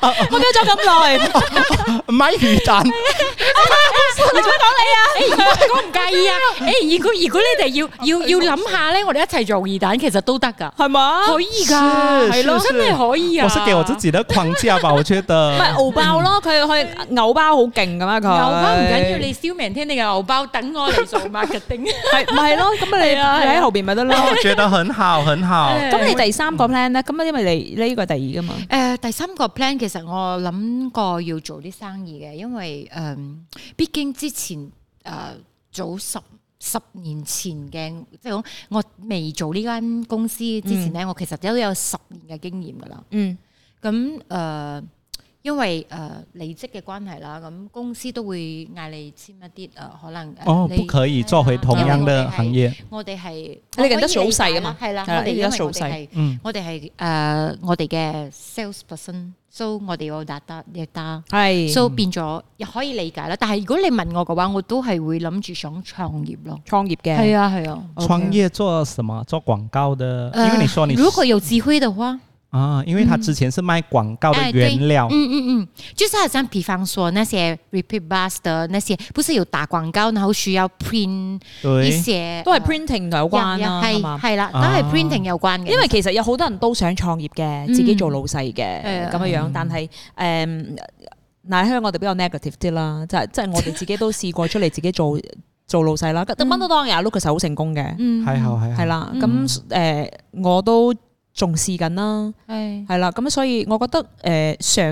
[SPEAKER 1] 啊！我冇做咁耐，賣魚蛋。出到你啊！我唔介意啊！誒，如果如果你哋要要要諗下咧，我哋一齊做魚蛋，其實都得噶，係嘛？可以噶，係咯，真係可
[SPEAKER 3] 以啊！我是給我自己的框架吧，我覺得。咪牛
[SPEAKER 2] 包咯，佢去牛包好勁噶嘛，佢牛包唔緊要，你
[SPEAKER 1] 燒明聽你嘅牛包，等我嚟做 marketing，係咪咯？咁啊，你你喺後
[SPEAKER 2] 邊咪得咯？我覺得很。好，很好。咁、嗯、你第三個 plan 咧？咁因為你呢個第二噶嘛？
[SPEAKER 1] 誒、呃，第三個 plan 其實我諗過要做啲生意嘅，因為誒，畢、呃、竟之前誒、呃、早十十年前嘅，即係講我未做呢間公司之前咧、嗯，我其實都有十年嘅經驗噶啦。嗯，咁、嗯、誒。呃因為誒、呃、離職嘅關係啦，咁公司都會嗌你簽一啲誒、呃、可能哦、oh,，不可以做回同樣嘅行業。我哋係，你哋得做細啊嘛，係啦，我哋得做細。嗯，我哋係誒我哋嘅 sales person，so 我哋、啊嗯呃嗯、要打得嘢打，係，so 變咗、嗯、又可以理解啦。但係如果你問我嘅話，我都係會諗住想創業咯，創業嘅係啊係啊、okay，創業
[SPEAKER 3] 做什麼？做廣告嘅。如、uh, 果你說你如果
[SPEAKER 1] 有智慧嘅話。
[SPEAKER 3] 啊，因為他之前是賣廣告的原料嗯、哎，嗯嗯嗯，
[SPEAKER 1] 就是好像比方說那些 repeat bus 的那些，不是要打廣告，然後需要 print 啲嘢，都係 printing 有關啦、啊，係、yeah, 係、yeah, 啦，都係 printing 有關嘅、啊。因為其實有好多人都想創業嘅、嗯，自己做老
[SPEAKER 2] 細嘅咁嘅樣，但係誒，嗱、嗯，香港我哋比較 negative 啲啦，就係即係我哋自己都試過出嚟自己做 做老細啦，得掹都掹嘢，Luke 其實好成功嘅，嗯，係係係，係、嗯、啦，咁、嗯、誒、嗯呃、我都。重視緊啦，係係啦，咁所以我覺得誒，嘗、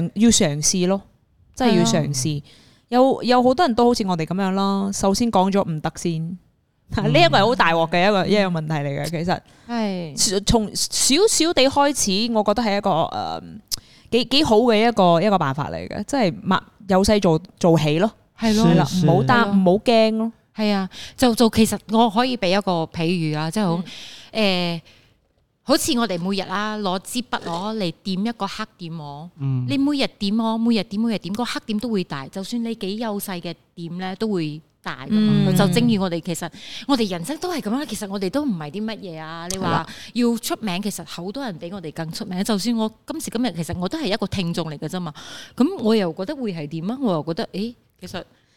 [SPEAKER 2] 呃、要嘗試咯，
[SPEAKER 1] 真係要嘗
[SPEAKER 2] 試。有有好多人都好似我哋咁樣咯。首先講咗唔得先，呢一個係好大鑊嘅一個一個問題嚟嘅。其實係從小小地開始，我覺得係一個誒、呃、幾幾好嘅一個一個辦法嚟嘅，即係物由細做做起咯，
[SPEAKER 1] 係咯，係啦，唔好擔唔好驚咯。係啊，就做。其實我可以俾一個譬如啊，即係好誒。嗯呃好似我哋每日啊，攞支筆攞嚟點一個黑點我，嗯、你每日點我，每日點每日點、那個黑點都會大，就算你幾幼細嘅點咧都會大。㗎嘛、嗯。就正如我哋其實我哋人生都係咁樣，其實我哋都唔係啲乜嘢啊！你話要出名，其實好多人比我哋更出名。就算我今時今日其實我都係一個聽眾嚟嘅啫嘛，咁我又覺得會係點啊？我又覺得誒、欸，其實。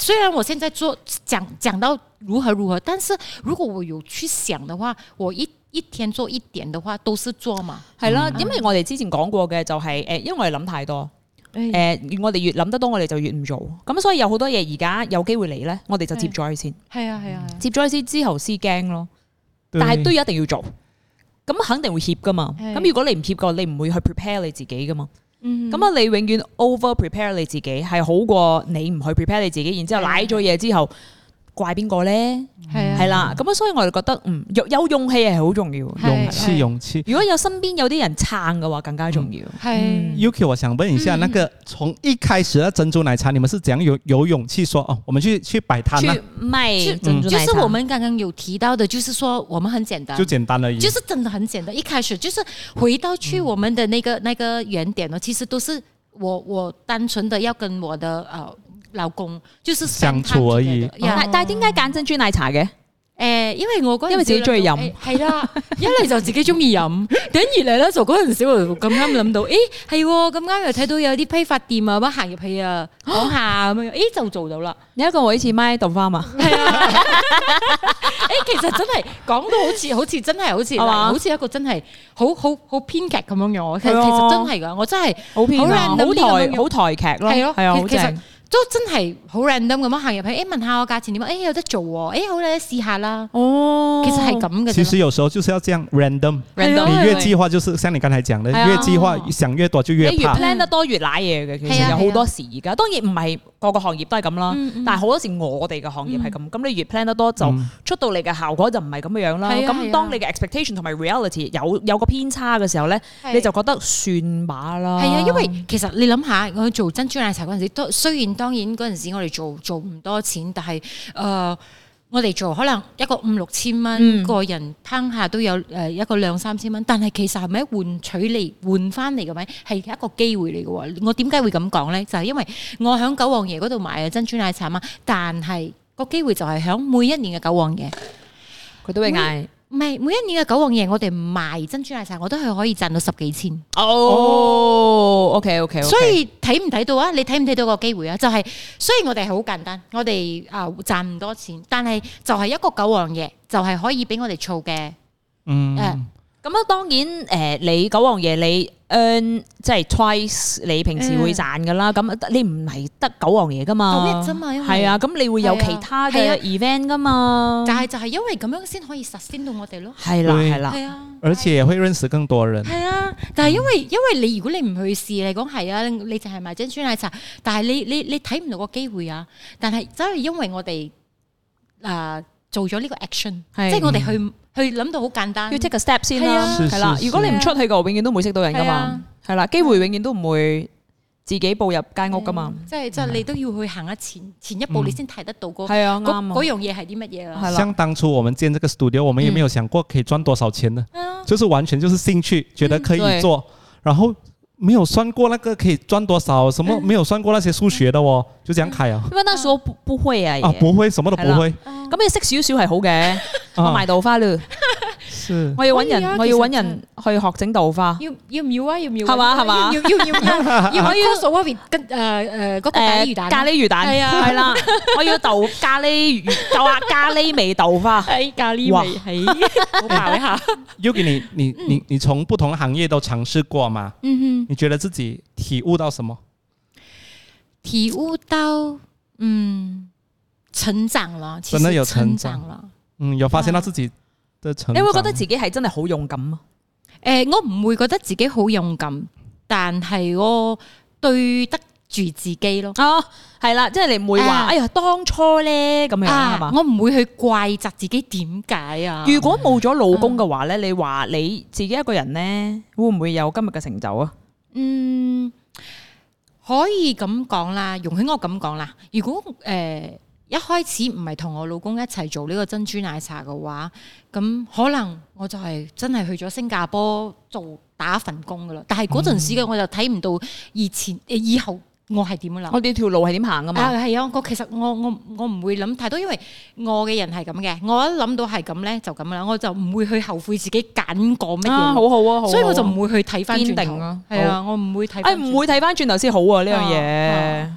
[SPEAKER 1] 雖然我現在做講講到如何如何，但是如果我有去想的話，我一一天做一點的話，都是做嘛。係啦、啊，因為我哋
[SPEAKER 2] 之前講過嘅就係、是、誒，因為我哋諗太多，
[SPEAKER 1] 誒、哎
[SPEAKER 2] 呃，我哋越諗得多，我哋就越唔做。咁所以有好多嘢而家有機會嚟咧，我哋就接咗佢先。
[SPEAKER 1] 係啊係啊，啊嗯、
[SPEAKER 2] 接咗佢先之後先驚咯，
[SPEAKER 1] 但係都一定
[SPEAKER 2] 要做。咁肯定會怯噶嘛，咁、哎、如果你唔怯過，你唔會去 prepare 你自己噶嘛。咁、嗯、啊！你永遠 over prepare 你自己，係好過你唔去 prepare 你自己，然之後瀨咗嘢之後，怪邊個咧？係、嗯、係啦，咁、嗯、啊，所以我就覺得，嗯，有有勇氣係好重要，勇氣勇氣。如果有身邊有啲人撐嘅話，更加重要。嗯嗯、
[SPEAKER 3] Yuki，我想問一下，嗯、那個從一開始，那珍珠奶茶，你們是怎樣有有勇氣說，哦，我們去去擺攤嘛？
[SPEAKER 1] 賣珍珠奶茶，嗯、就是我們剛剛有提到的，就是說，我們很簡單，就簡單而已，就是真的很簡單。一開始，就是回到去我們的那個、嗯、那個原點咯。其實都是我我單純的要跟我的啊。呃老公，就
[SPEAKER 2] 是想做而已。但
[SPEAKER 1] 但點解揀珍珠奶茶嘅？誒，因為我嗰因為自己中意飲係啦，一嚟就自己中意飲，第二嚟咧就嗰陣時我咁啱諗到，誒係咁啱又睇到有啲批發店啊，我行入去啊，講下咁樣，誒就做到啦。有一個我以前買豆花嘛，係啊。誒，其實真係講到好似好似真係好似好似，好似一個真係好好好編劇咁樣樣。其實真係噶，我
[SPEAKER 2] 真係好編劇，好台好台劇咯，係啊，好正。
[SPEAKER 1] 都真係好 random 咁樣行入去，誒問下個價錢點樣？誒有得做喎，誒好咧試下啦。哦，其實係咁嘅。其實
[SPEAKER 3] 有時候就是要這樣 random，random。你越計劃，就是像你剛才講嘅，越計劃想越多就越怕。越 plan 得
[SPEAKER 2] 多越賴嘢嘅，其實有好多時而家。當然唔係個個行業都係咁啦，但係好多時我哋嘅行業係咁。咁你越 plan 得多就出到嚟嘅效果就唔係咁樣啦。咁當你嘅 expectation 同埋 reality 有有個偏差嘅時候咧，你就覺得算吧啦。係啊，因為
[SPEAKER 1] 其實你諗下，我做珍珠奶茶嗰陣時，都雖然。當然嗰陣時候我哋做做唔多錢，但係誒、呃、我哋做可能一個五六千蚊、嗯、個人烹下都有誒一個兩三千蚊，但係其實係咪喺換取嚟換翻嚟嘅咪係一個機會嚟嘅？我點解會咁講咧？就係、是、因為我喺九皇爺嗰度買嘅珍珠奶茶嘛，但係個機會就係喺每一年嘅九皇爺，佢都會嗌。唔係每一年嘅九皇爺，我哋賣珍珠奶茶，我都係可以賺到十幾千。哦、oh,
[SPEAKER 2] okay，OK OK，所以
[SPEAKER 1] 睇唔睇到啊？你睇唔睇到個機會啊？就係、是、雖然我哋好簡單，我哋啊賺唔多錢，但係就係一個九皇爺就係、是、可以俾我哋儲嘅，
[SPEAKER 2] 嗯、mm. 呃。
[SPEAKER 1] 咁啊，當然
[SPEAKER 2] 誒，你九皇爺，你 n 即係 twice，你平時會賺噶啦。咁、哎、你唔係得九皇爺噶嘛？係啊，咁你會有其他嘅
[SPEAKER 1] event 噶、啊、嘛？但係就係因為咁樣先可以實現到我哋咯。係啦，係啦，
[SPEAKER 3] 而且會認識更多人。
[SPEAKER 1] 係啊，但係因為因為你如果你唔去試嚟講係啊，你就係賣珍珠奶茶，但係你你你睇唔到個機會啊！但係就係因為我哋啊～、呃做咗呢個 action，是即係我哋去、嗯、去諗到好簡單，要 take a step 先啦、啊，係啦、啊。如果你唔出
[SPEAKER 2] 去嘅，啊、永遠都唔會識到人噶嘛，係啦、啊啊啊。機會永遠都唔會自己步入間屋噶嘛，即
[SPEAKER 1] 係即係你都要去行一前、啊、前一步，你先睇得到嗰係樣嘢係啲乜嘢啦。像
[SPEAKER 3] 當初我們建呢個 studio，我們也沒有想過可以賺多少錢呢、嗯，就是完全就是興趣，嗯、覺得可以做、嗯，然後沒有算過那個可以賺多少，嗯、什麼沒有算過那些數學的哦，嗯、就咁樣開
[SPEAKER 1] 啊。因、嗯、
[SPEAKER 2] 為那時候不不會啊不會，什麼都不會。啊。咁你識少少係好嘅，我賣豆花咯。
[SPEAKER 1] 我要搵人，我要搵人
[SPEAKER 2] 去學整豆花。
[SPEAKER 1] 要要唔要啊？要唔要？係嘛，係嘛？要要唔要？要，我要。做嗰邊跟誒誒嗰咖喱魚蛋。係啊，係啦，
[SPEAKER 2] 我要豆咖喱魚豆啊，咖喱味豆花。咖喱味，我
[SPEAKER 3] 諗一下。Yuki，你你你你從不同行業都嘗試過嘛？你覺得自己體悟到什麼？
[SPEAKER 1] 體悟到，嗯。嗯嗯嗯嗯嗯成長啦，真係有成長
[SPEAKER 3] 啦，嗯，有發現到自己的成長。你會覺得自
[SPEAKER 1] 己係真係好勇敢嗎？誒，我唔會覺得自己好勇敢，但係我對得住自己咯。啊，係啦，即係你唔會話，哎呀，當初咧咁樣係嘛，我唔會去怪責自己點解啊。如
[SPEAKER 2] 果冇咗老公嘅話咧，你話你自己一個人咧會唔會有今日嘅成就啊？
[SPEAKER 1] 嗯，可以咁講啦，容許我咁講啦。如果誒，一開始唔係同我老公一齊做呢個珍珠奶茶嘅話，咁可能我就係真係去咗新加坡做打一份工噶啦但係嗰陣時嘅我就睇唔到以前，呃、以後我係點樣啦。我哋條路係點行噶嘛？啊係啊，我其實我我我唔會諗太多，因為我嘅人係咁嘅。我一諗到係咁咧就咁樣啦，我就唔會去後悔自己揀過咩嘢，啊啊。好好啊，所以我就唔會去睇翻轉頭係啊，我唔會睇。唔、啊、會睇
[SPEAKER 2] 翻轉頭先好啊呢樣嘢。這個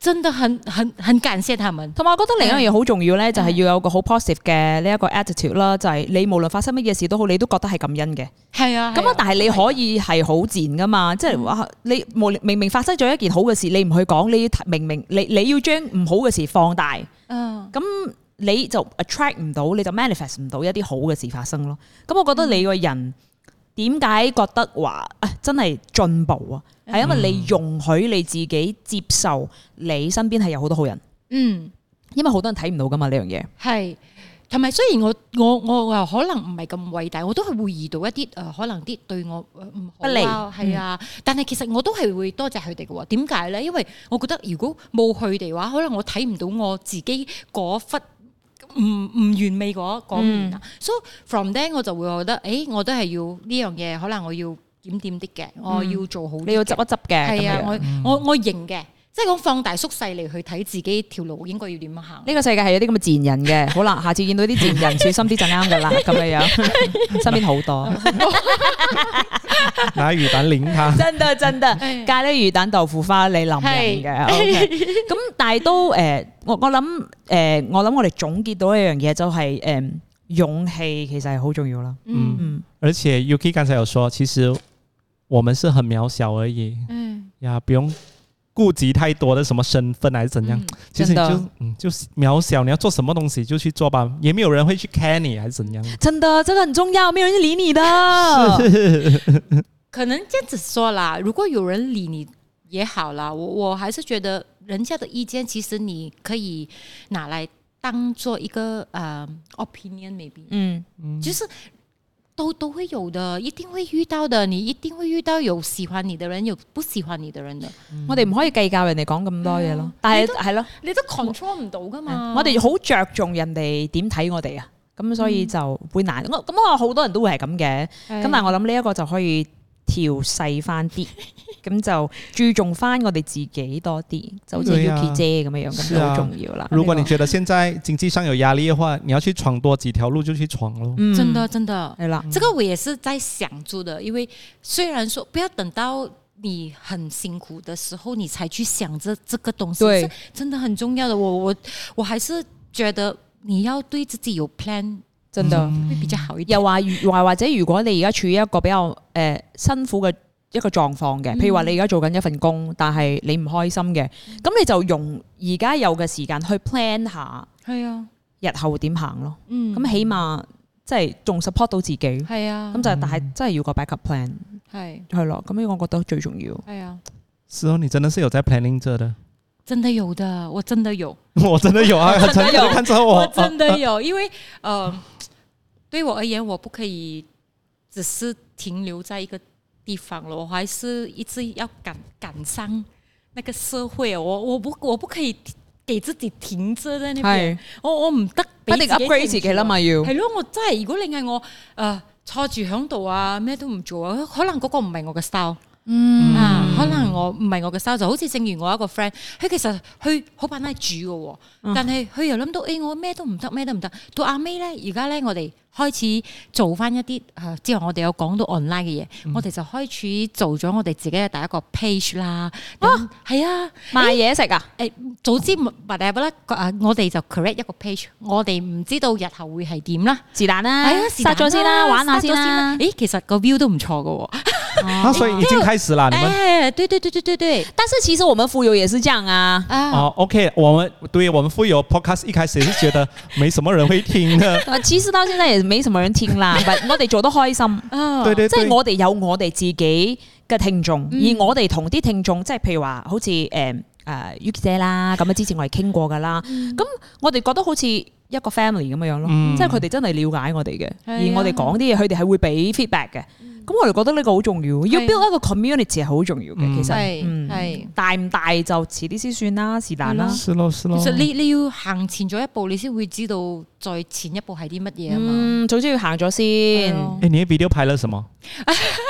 [SPEAKER 1] 真的很很很感謝他們。同埋，我覺得另一樣嘢好
[SPEAKER 2] 重要咧，就係要有個好 positive 嘅呢一個 attitude 啦，就係你無論發生乜嘢事都好，你都覺得係感恩嘅。係啊。咁啊，但係你可以係好賤噶嘛，即係話你無明明發生咗一件好嘅事，你唔去講，你明明你你要將唔好嘅事放大，咁、哦、你就 attract 唔到，你就 manifest 唔到一啲好嘅事發生咯。咁，我覺得你個人。嗯點解覺得話誒真係進步啊？係因為你容許你自己接受你身邊係有好多好人，嗯，因為好多人睇唔到噶嘛呢樣嘢。
[SPEAKER 1] 係同埋雖然我我我可能唔係咁偉大，我都係會遇到一啲誒可能啲對我不利，係啊。嗯，但係其實我都係會多謝佢哋嘅。點解咧？因為我覺得如果冇佢哋嘅話，可能我睇唔到我自己嗰忽。唔唔完美嗰個面啊，所、嗯、以、so、from then 我就會覺得，誒、欸，我都係要呢樣嘢，可能我要檢點啲嘅、嗯，我要做好的，你要執一執嘅，係啊，我、嗯、我我認嘅。即係講放大縮細嚟去睇自己條路應該要點樣行？
[SPEAKER 2] 呢、這個世界係有啲咁嘅賤人嘅，好啦，下次見到啲賤人小心啲就啱噶啦，咁嘅樣，身邊好多，拿 魚蛋鏈下真的真的，咖喱魚蛋豆腐花你諗嘅，咁、okay, 但係都誒、呃，我我諗誒，我諗、呃、我哋總結到一樣嘢就係、是、誒、呃，勇氣其實係好重要啦。嗯嗯，
[SPEAKER 3] 而且 Yuki 剛才有說，其實我們是很渺小而已。嗯，呀，不用。顧及太多的什麼身份還是怎樣？嗯、其實你就嗯，就是渺小。你要做什麼東西就去做吧，也沒有人會去 care 你還是怎樣。
[SPEAKER 1] 真的，這個很重要，沒有人理你的。
[SPEAKER 3] 是
[SPEAKER 1] 可能這樣子說啦，如果有人理你也好啦。我我還是覺得人家的意見，其實你可以拿來當做一個呃、uh, opinion maybe 嗯。嗯嗯，就是。都都會有的，一定會遇到的。你一定會遇到有喜歡你的人，有不喜歡你的人的。嗯、
[SPEAKER 2] 我哋唔可以計較人哋講咁多嘢咯。嗯、但
[SPEAKER 1] 係係咯，你都 control 唔到噶嘛。嗯、我哋好
[SPEAKER 2] 着重人哋點睇我哋啊，
[SPEAKER 1] 咁所以就
[SPEAKER 2] 會難。嗯、我咁我好多人都會係咁嘅。咁、欸、但係我諗呢一個就可以。調細翻啲，咁就注重翻我哋自己多啲， 就好似 Yuki 姐咁樣樣，
[SPEAKER 1] 咁都好、啊、
[SPEAKER 3] 重要啦、啊。如果你覺得現在經濟上有壓力嘅話，你要去闖多幾條路就去闖咯、嗯。真的，
[SPEAKER 1] 真的，對啦、嗯，這個我也是在想住着，因為雖然說不要等到你很辛苦的時候，你才去想着這個東西，真的很重要的。的我我我還是覺得你要對自己有 plan。真嘅、嗯，又話，
[SPEAKER 2] 或或者，如果你而家處於一個比較誒、呃、
[SPEAKER 1] 辛苦嘅
[SPEAKER 2] 一個狀況嘅，譬如話你而家做緊一份工，但係你唔開心嘅，咁、嗯、你就用而家有嘅時間去 plan 下，係啊，日後點行咯，嗯，咁起碼即係仲 support 到自己，係、嗯、啊，咁就但係真係要個 backup plan，係、嗯，係咯，咁呢個我覺得最重要，
[SPEAKER 3] 係啊，你真係有 planning 啫。
[SPEAKER 1] 真的有的，我真的有，
[SPEAKER 3] 我真的有啊！真的看着我， 我真的
[SPEAKER 1] 有，因為呃，對我而言，我不可以只是停留在一個地方了，我還是一直要趕趕上那個社會，我我不我不可以給自己停滯、hey, 的，啊 yeah, 嗯、的，我我唔得，我得 upgrade 自己啦嘛要，係咯，我真係，如果你係我呃坐住響度啊，咩都唔做啊，可能嗰個唔係我嘅 style。嗯，嗯，可能我唔係我嘅收入就好似正如我一個 friend，佢其實佢好怕拉住嘅，但係佢又諗到誒、哎，我咩都唔得，咩都唔得，到阿妹呢，而家呢，我哋。開始做翻一啲誒、啊，之後我哋有講到 online 嘅嘢、嗯，我哋就開始做咗我哋自己嘅第一個 page 啦。哦、啊，係啊，啊，賣嘢食啊，誒、欸欸，早知、嗯、我哋就 create 一個 page，、嗯、我哋唔知道日後會係點啦，是但啦，撒、哎、咗、啊、先啦，玩下先，、啊、先啦。咦、欸，其實個 view 都唔錯噶喎，所以
[SPEAKER 3] 已經開始了。欸、你們、欸，
[SPEAKER 2] 誒，對對對對對對，但是其實我們富有也是這樣啊。o、
[SPEAKER 3] 啊、k、啊啊嗯、我們對，我們富有。podcast 一開始是覺得沒什麼人會聽嘅
[SPEAKER 2] 其實到現在也。咩什麼樣天啦， 我哋做得開心， 對對對，即係我哋有我哋自己嘅聽眾，嗯、而我哋同啲聽眾，即係譬如話好似誒誒 Yuki 姐啦，咁啊之前我係傾過噶啦，咁、嗯、我哋覺得好似一個 family 咁樣樣咯，即係佢哋真係了解我哋嘅，嗯、而我哋講啲嘢，佢哋係會俾 feedback 嘅。咁我哋覺得呢個好重要，要 build 一個 community 係好重要嘅、嗯。其實、嗯、大唔大就遲啲先算啦，是但啦。係咯係咯。其實你
[SPEAKER 1] 你要行前咗一步，你先會知道再前一步係啲乜嘢啊嘛。嗯，
[SPEAKER 2] 總之要行咗先。
[SPEAKER 3] 誒、欸，你喺 video 拍咗什麼？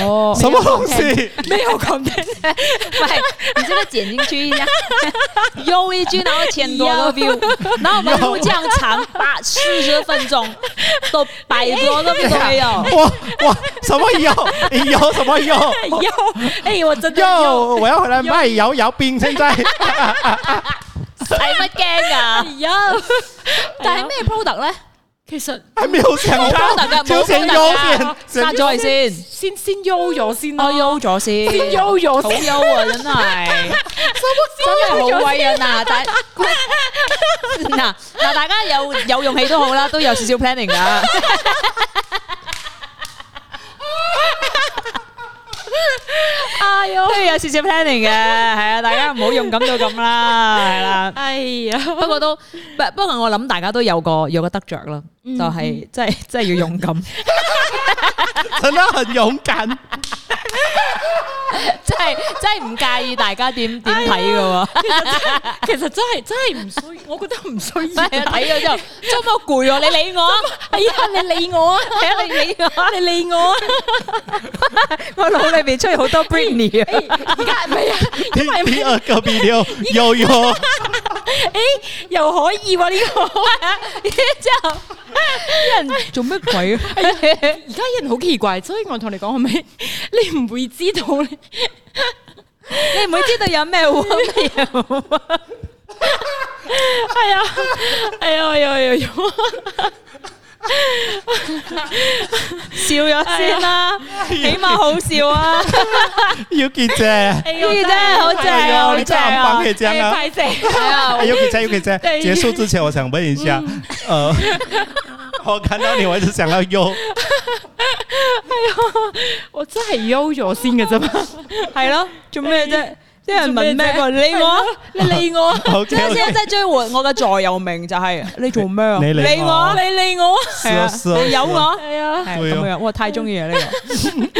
[SPEAKER 2] 哦、oh，什麼東西？ 沒有 content，
[SPEAKER 1] 喂， 你這個
[SPEAKER 2] 剪進去一下，又 一句，然後前多個 view，那我們這樣長八四十分鐘， 都百多個 view 都沒有，哇、哎、哇、哎，什麼有、哎？有什麼有？有？ 哎，我真的有，Yo, 我要回來賣搖
[SPEAKER 3] 搖冰，現在
[SPEAKER 2] 啊啊啊、 才不驚怕啊！有、 哎，但 product 咧？其實係秒成家，秒成家，先再先，
[SPEAKER 1] 先先喐咗先，我喐咗先，先喐咗，好悠啊，真係，真係好貴啊！大
[SPEAKER 2] 嗱
[SPEAKER 1] 嗱，大家有
[SPEAKER 2] 有勇氣都好啦，都有少少 planning 噶，啊有，都有少少 planning 嘅，係啊，大家唔好用咁就咁啦，係啦，哎呀，不過都不不過我諗大家都有個有個得着囉。就係真係真係要勇敢，真的很勇敢，真係真係唔介意大家點點睇嘅
[SPEAKER 1] 喎。其實真係真係唔需要，我覺得唔需要。睇咗之後，咁我攰，你理我？係啊，你理我啊，係啊，你理我，你理我。
[SPEAKER 2] 我腦裏邊出現好多 Brainy 啊，而家唔係啊，你阿哥比較有用。
[SPEAKER 1] 誒、欸，又可以喎、啊、呢、這個，之後啲人、哎、做乜鬼啊？而家、哎、呀人好奇怪，所以我同你講，係咪你唔會知道？ 你唔會知道有咩
[SPEAKER 2] 嘢？哎呀，哎呀，哎呀，哎呀！哎呀。笑咗先啦，起碼好笑啊
[SPEAKER 1] ！Yuki 姐 Yuki 姐好正哦，你真係好棒，可以這樣啊！Yuki 姐 Yuki 姐，結束之
[SPEAKER 3] 前我想問一下，嗯呃、我看到你，我一直想要憂、哎，
[SPEAKER 1] 我真係憂咗先嘅啫嘛，係、哎、咯，做咩啫？啲人問咩？話理我，你理我好即係即追
[SPEAKER 2] 活我嘅座右銘就係、是、你做咩？理 離我， 你理我是啊！係啊，有我係啊，係咁、啊啊啊 啊啊啊啊啊、我太中意呢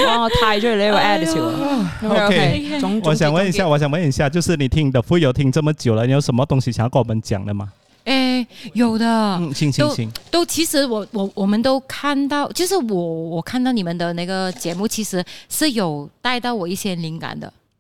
[SPEAKER 2] 哇！我太中意呢個 attitude、哎。哎、o、
[SPEAKER 1] okay, K，、okay, 我想問一下，
[SPEAKER 3] 我想問一下，就是你聽 The Fuyoh 聽咗咁久了，你有什麼東西想要跟我們講嘅嗎？
[SPEAKER 1] 誒、欸，有的，嗯，行行行，都其實我我我們都看到，其、就、實、是、我我看到你們的那個節目，其實是有帶到我一些靈感的。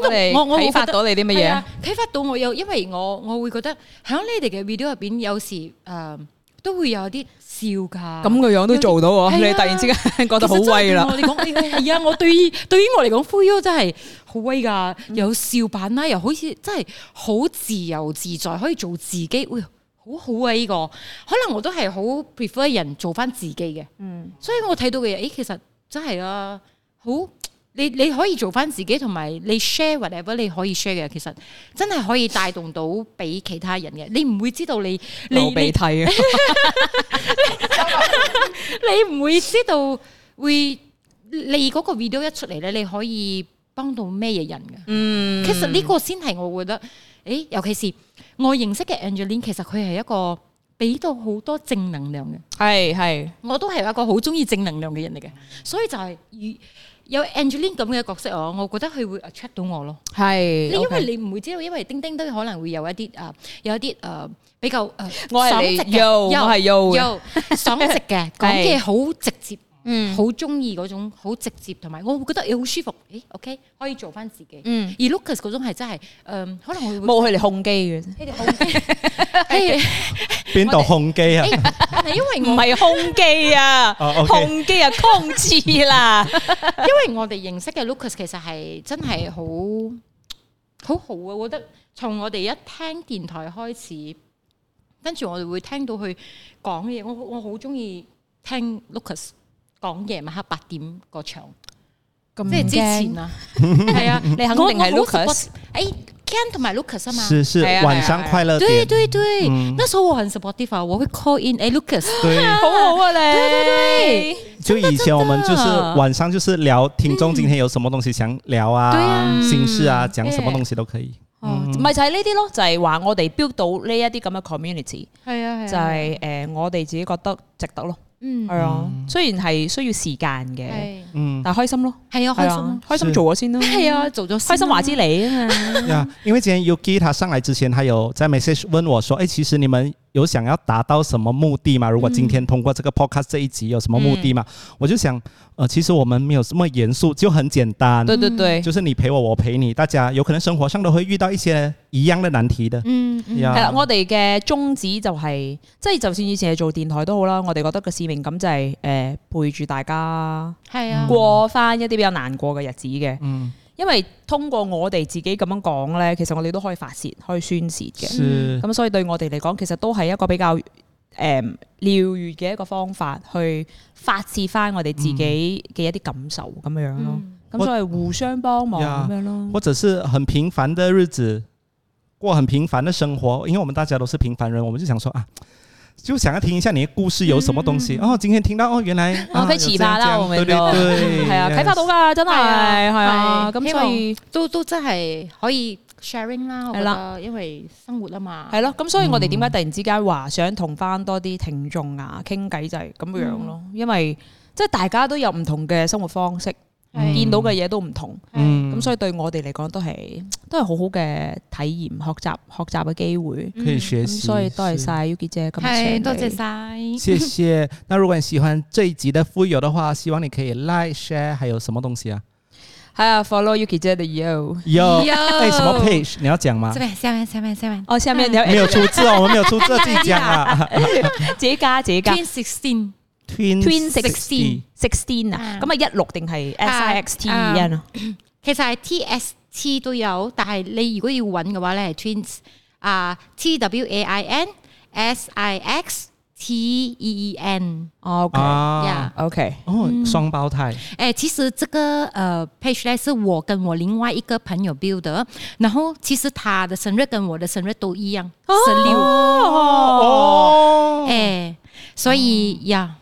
[SPEAKER 1] 咁你，我發到你啲乜嘢？啊，啟發到我有，因為我我會覺得喺你哋嘅 video 入邊，有時誒、嗯、都會有啲笑噶，咁個樣，樣都做
[SPEAKER 2] 到啊！你突然之間覺得好威啦！你
[SPEAKER 1] 講係啊，我對於對於我嚟講，Fuyoh 真係好威噶， 有笑版啦，又好似真係好自由自在，可以做自己，好好啊！呢、這個可能我都係好 prefer 人做翻自己嘅，嗯，所以我睇到嘅嘢，誒，其實真係啦，好。你你可以做翻自己，同埋你 share whatever 你可以 share 嘅，其實真係可以帶動到俾其他人嘅。你唔會知道你你你睇嘅，你唔 會知道會你嗰個 video 一出嚟咧，你可以幫到咩嘢人嘅？嗯，其實呢個先係我覺得，誒、欸，尤其是我認識嘅 a n g e l i n 其實佢係一個俾到好多正能量嘅，係係，我都係一個好中意正能量嘅人嚟嘅，所以就係、是。有 Angeline 咁嘅角色哦，我覺得佢會 attract 到我咯。係、okay，因為你唔會知道，因為丁丁都可能會有一啲啊、呃，有一啲誒、呃、比較，呃、我係 you 我係 you，爽直嘅，講嘢好直接。嗯，好中意嗰種好直接，同埋我會覺得你好舒服，誒，OK，可以做翻自己。嗯，而 Lucas 嗰種係真係，誒，可能會冇佢哋控機嘅。
[SPEAKER 3] 邊度控機啊？係
[SPEAKER 1] 因為唔係控機啊，控機啊，控制啦。因為我哋認識嘅 Lucas 其實係真係好好好啊，我覺得從我哋一聽電台開始，跟住我哋會聽到佢講嘢，我我好中意聽 Lucas。講夜晚黑八點
[SPEAKER 2] 個場，咁即係之前
[SPEAKER 1] 啦，係 啊對呀， 你肯定係 Lucas。誒，Ken 同埋 Lucas 啊嘛，係啊，晚上快樂點，對對對，嗯、那時候我很 supportive 啊，我會 call in、欸、l u c a s 對，啊、好活潑咧，對對對，真的真
[SPEAKER 3] 的，就以前我們就是晚上就是聊，聽眾今天有什麼東西想聊啊，心事啊，講什麼東西都可以，唔、嗯、
[SPEAKER 2] 咪、哦嗯、就係呢啲咯，就係、是、話我哋 build 到呢一啲咁嘅 community，係啊
[SPEAKER 1] 係，就係、
[SPEAKER 2] 是、誒、呃、我哋自己覺得值得咯。啊、嗯，係啊，雖然係需要時間嘅，嗯，但係開心咯，係啊，啊，開心、啊啊了啊，開心做咗先咯，係啊，做咗，開心話之你啊嘛。
[SPEAKER 3] 因為之前 Yuki 佢上嚟之前，佢有在 message 問我，說，誒、欸，其實你們。有想要達到什麼目的嗎？如果今天通過這個 Podcast 這一集有什麼目的嗎？嗯、我就想，呃，其實我們沒有這麼嚴肅，就很簡單。對對對，就是你陪我，我陪你，大家有可能生活上都會遇到一些一樣的難題的。嗯，
[SPEAKER 2] 係、嗯嗯嗯、啦，我哋嘅宗旨就係、是，即係就算以前係做電台都好啦，我哋覺得個使命感就係、是，誒、呃，陪住大家，係啊，過翻一啲比較難過嘅日子嘅、啊。嗯。因為通過我哋自己咁樣講呢，其實我哋都可以發洩，可以宣洩嘅。咁、嗯、所以對我哋嚟講，其實都係一個比較誒療癒嘅一個方法，去發洩翻我哋自己嘅一啲感受咁樣樣咯。咁、嗯嗯嗯、所以互相幫忙
[SPEAKER 3] 或者咯。我是很平凡的日子，過很平凡的生活。因為我們大家都是平凡人，我們就想說啊。就想要聽一下你的故事有什麼東西、嗯、哦，今天聽到哦，原來哦，可以啟發啦，我們都係啊，啟發
[SPEAKER 2] 到啦，
[SPEAKER 1] 真係係啊，咁所以都都真係可以 sharing 啦，我覺得因為生活啊嘛，係咯，
[SPEAKER 2] 咁所以我哋點解突然之間話想同翻多啲聽眾啊傾偈、嗯、就係咁樣咯，因為即係大家都有唔同嘅生活方式。嗯、見到嘅嘢都唔同，咁、嗯嗯嗯、所以對我哋嚟講都係都係好好嘅體驗、學習、學習嘅機會。可以學習、嗯，所以多謝晒 Yuki 姐，咁多謝晒，
[SPEAKER 1] 謝
[SPEAKER 3] 謝。那如果你喜歡呢一集嘅富遊嘅話，希望你可以 like、share，還有什麼東西啊？
[SPEAKER 2] 還有 follow Yuki 姐的 you，
[SPEAKER 3] 有誒什麼 page 你要講嗎？
[SPEAKER 1] 下面下面下面哦，下什面 你要出字哦，我們沒有出字哦，我冇出字，自己講講啦、啊， 自己加自己加。June sixteen。
[SPEAKER 2] Twins sixteen Twin
[SPEAKER 1] sixteen 啊，咁啊一
[SPEAKER 2] 六定係 s i x t e e n 咯？
[SPEAKER 1] 其實係 ts t 都有，但係你如果要揾嘅話咧，係 twins 啊、uh,，t w a i n s i x t e e n okay,、啊。哦，
[SPEAKER 2] 啊，OK，哦，雙胞胎。
[SPEAKER 1] 誒、嗯欸，其實這個誒、uh, page 咧，是我跟我另外一個朋友 build，然後其實他的生日跟我的生日都一樣，十、哦、六。誒、哦欸哦，所以呀。嗯 yeah,